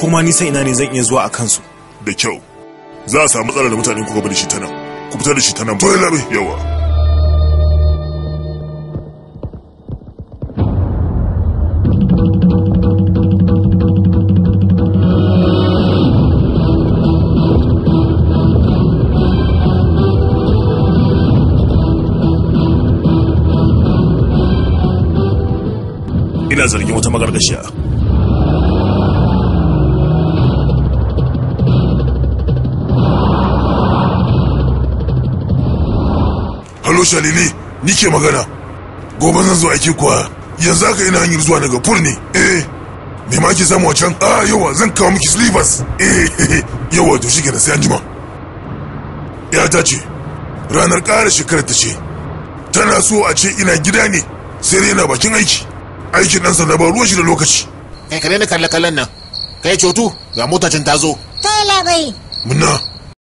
kuma nisa ina ne zan iya zuwa a kansu da kyau za a samu matsala da mutanen kuka bari shi ta nan ku fita da shi ta nan bai labai yawa ina zargin wata magargashiya halo shalini ni ke magana gobe zan zo aiki kuwa yanzu aka ina hanyar zuwa daga pul ne eh me ma ke samu a can a ah, yawa zan kawo miki slivers eh yawa to shi kenan sai an jima ta ce ranar ƙara shekarar ta ce tana so a ce ina gida ne sai dai yana bakin aiki aikin ɗansa na ba ruwan shi da lokaci kai kare ni kalle kallon nan kai cotu ga motacin ta zo ta labai munna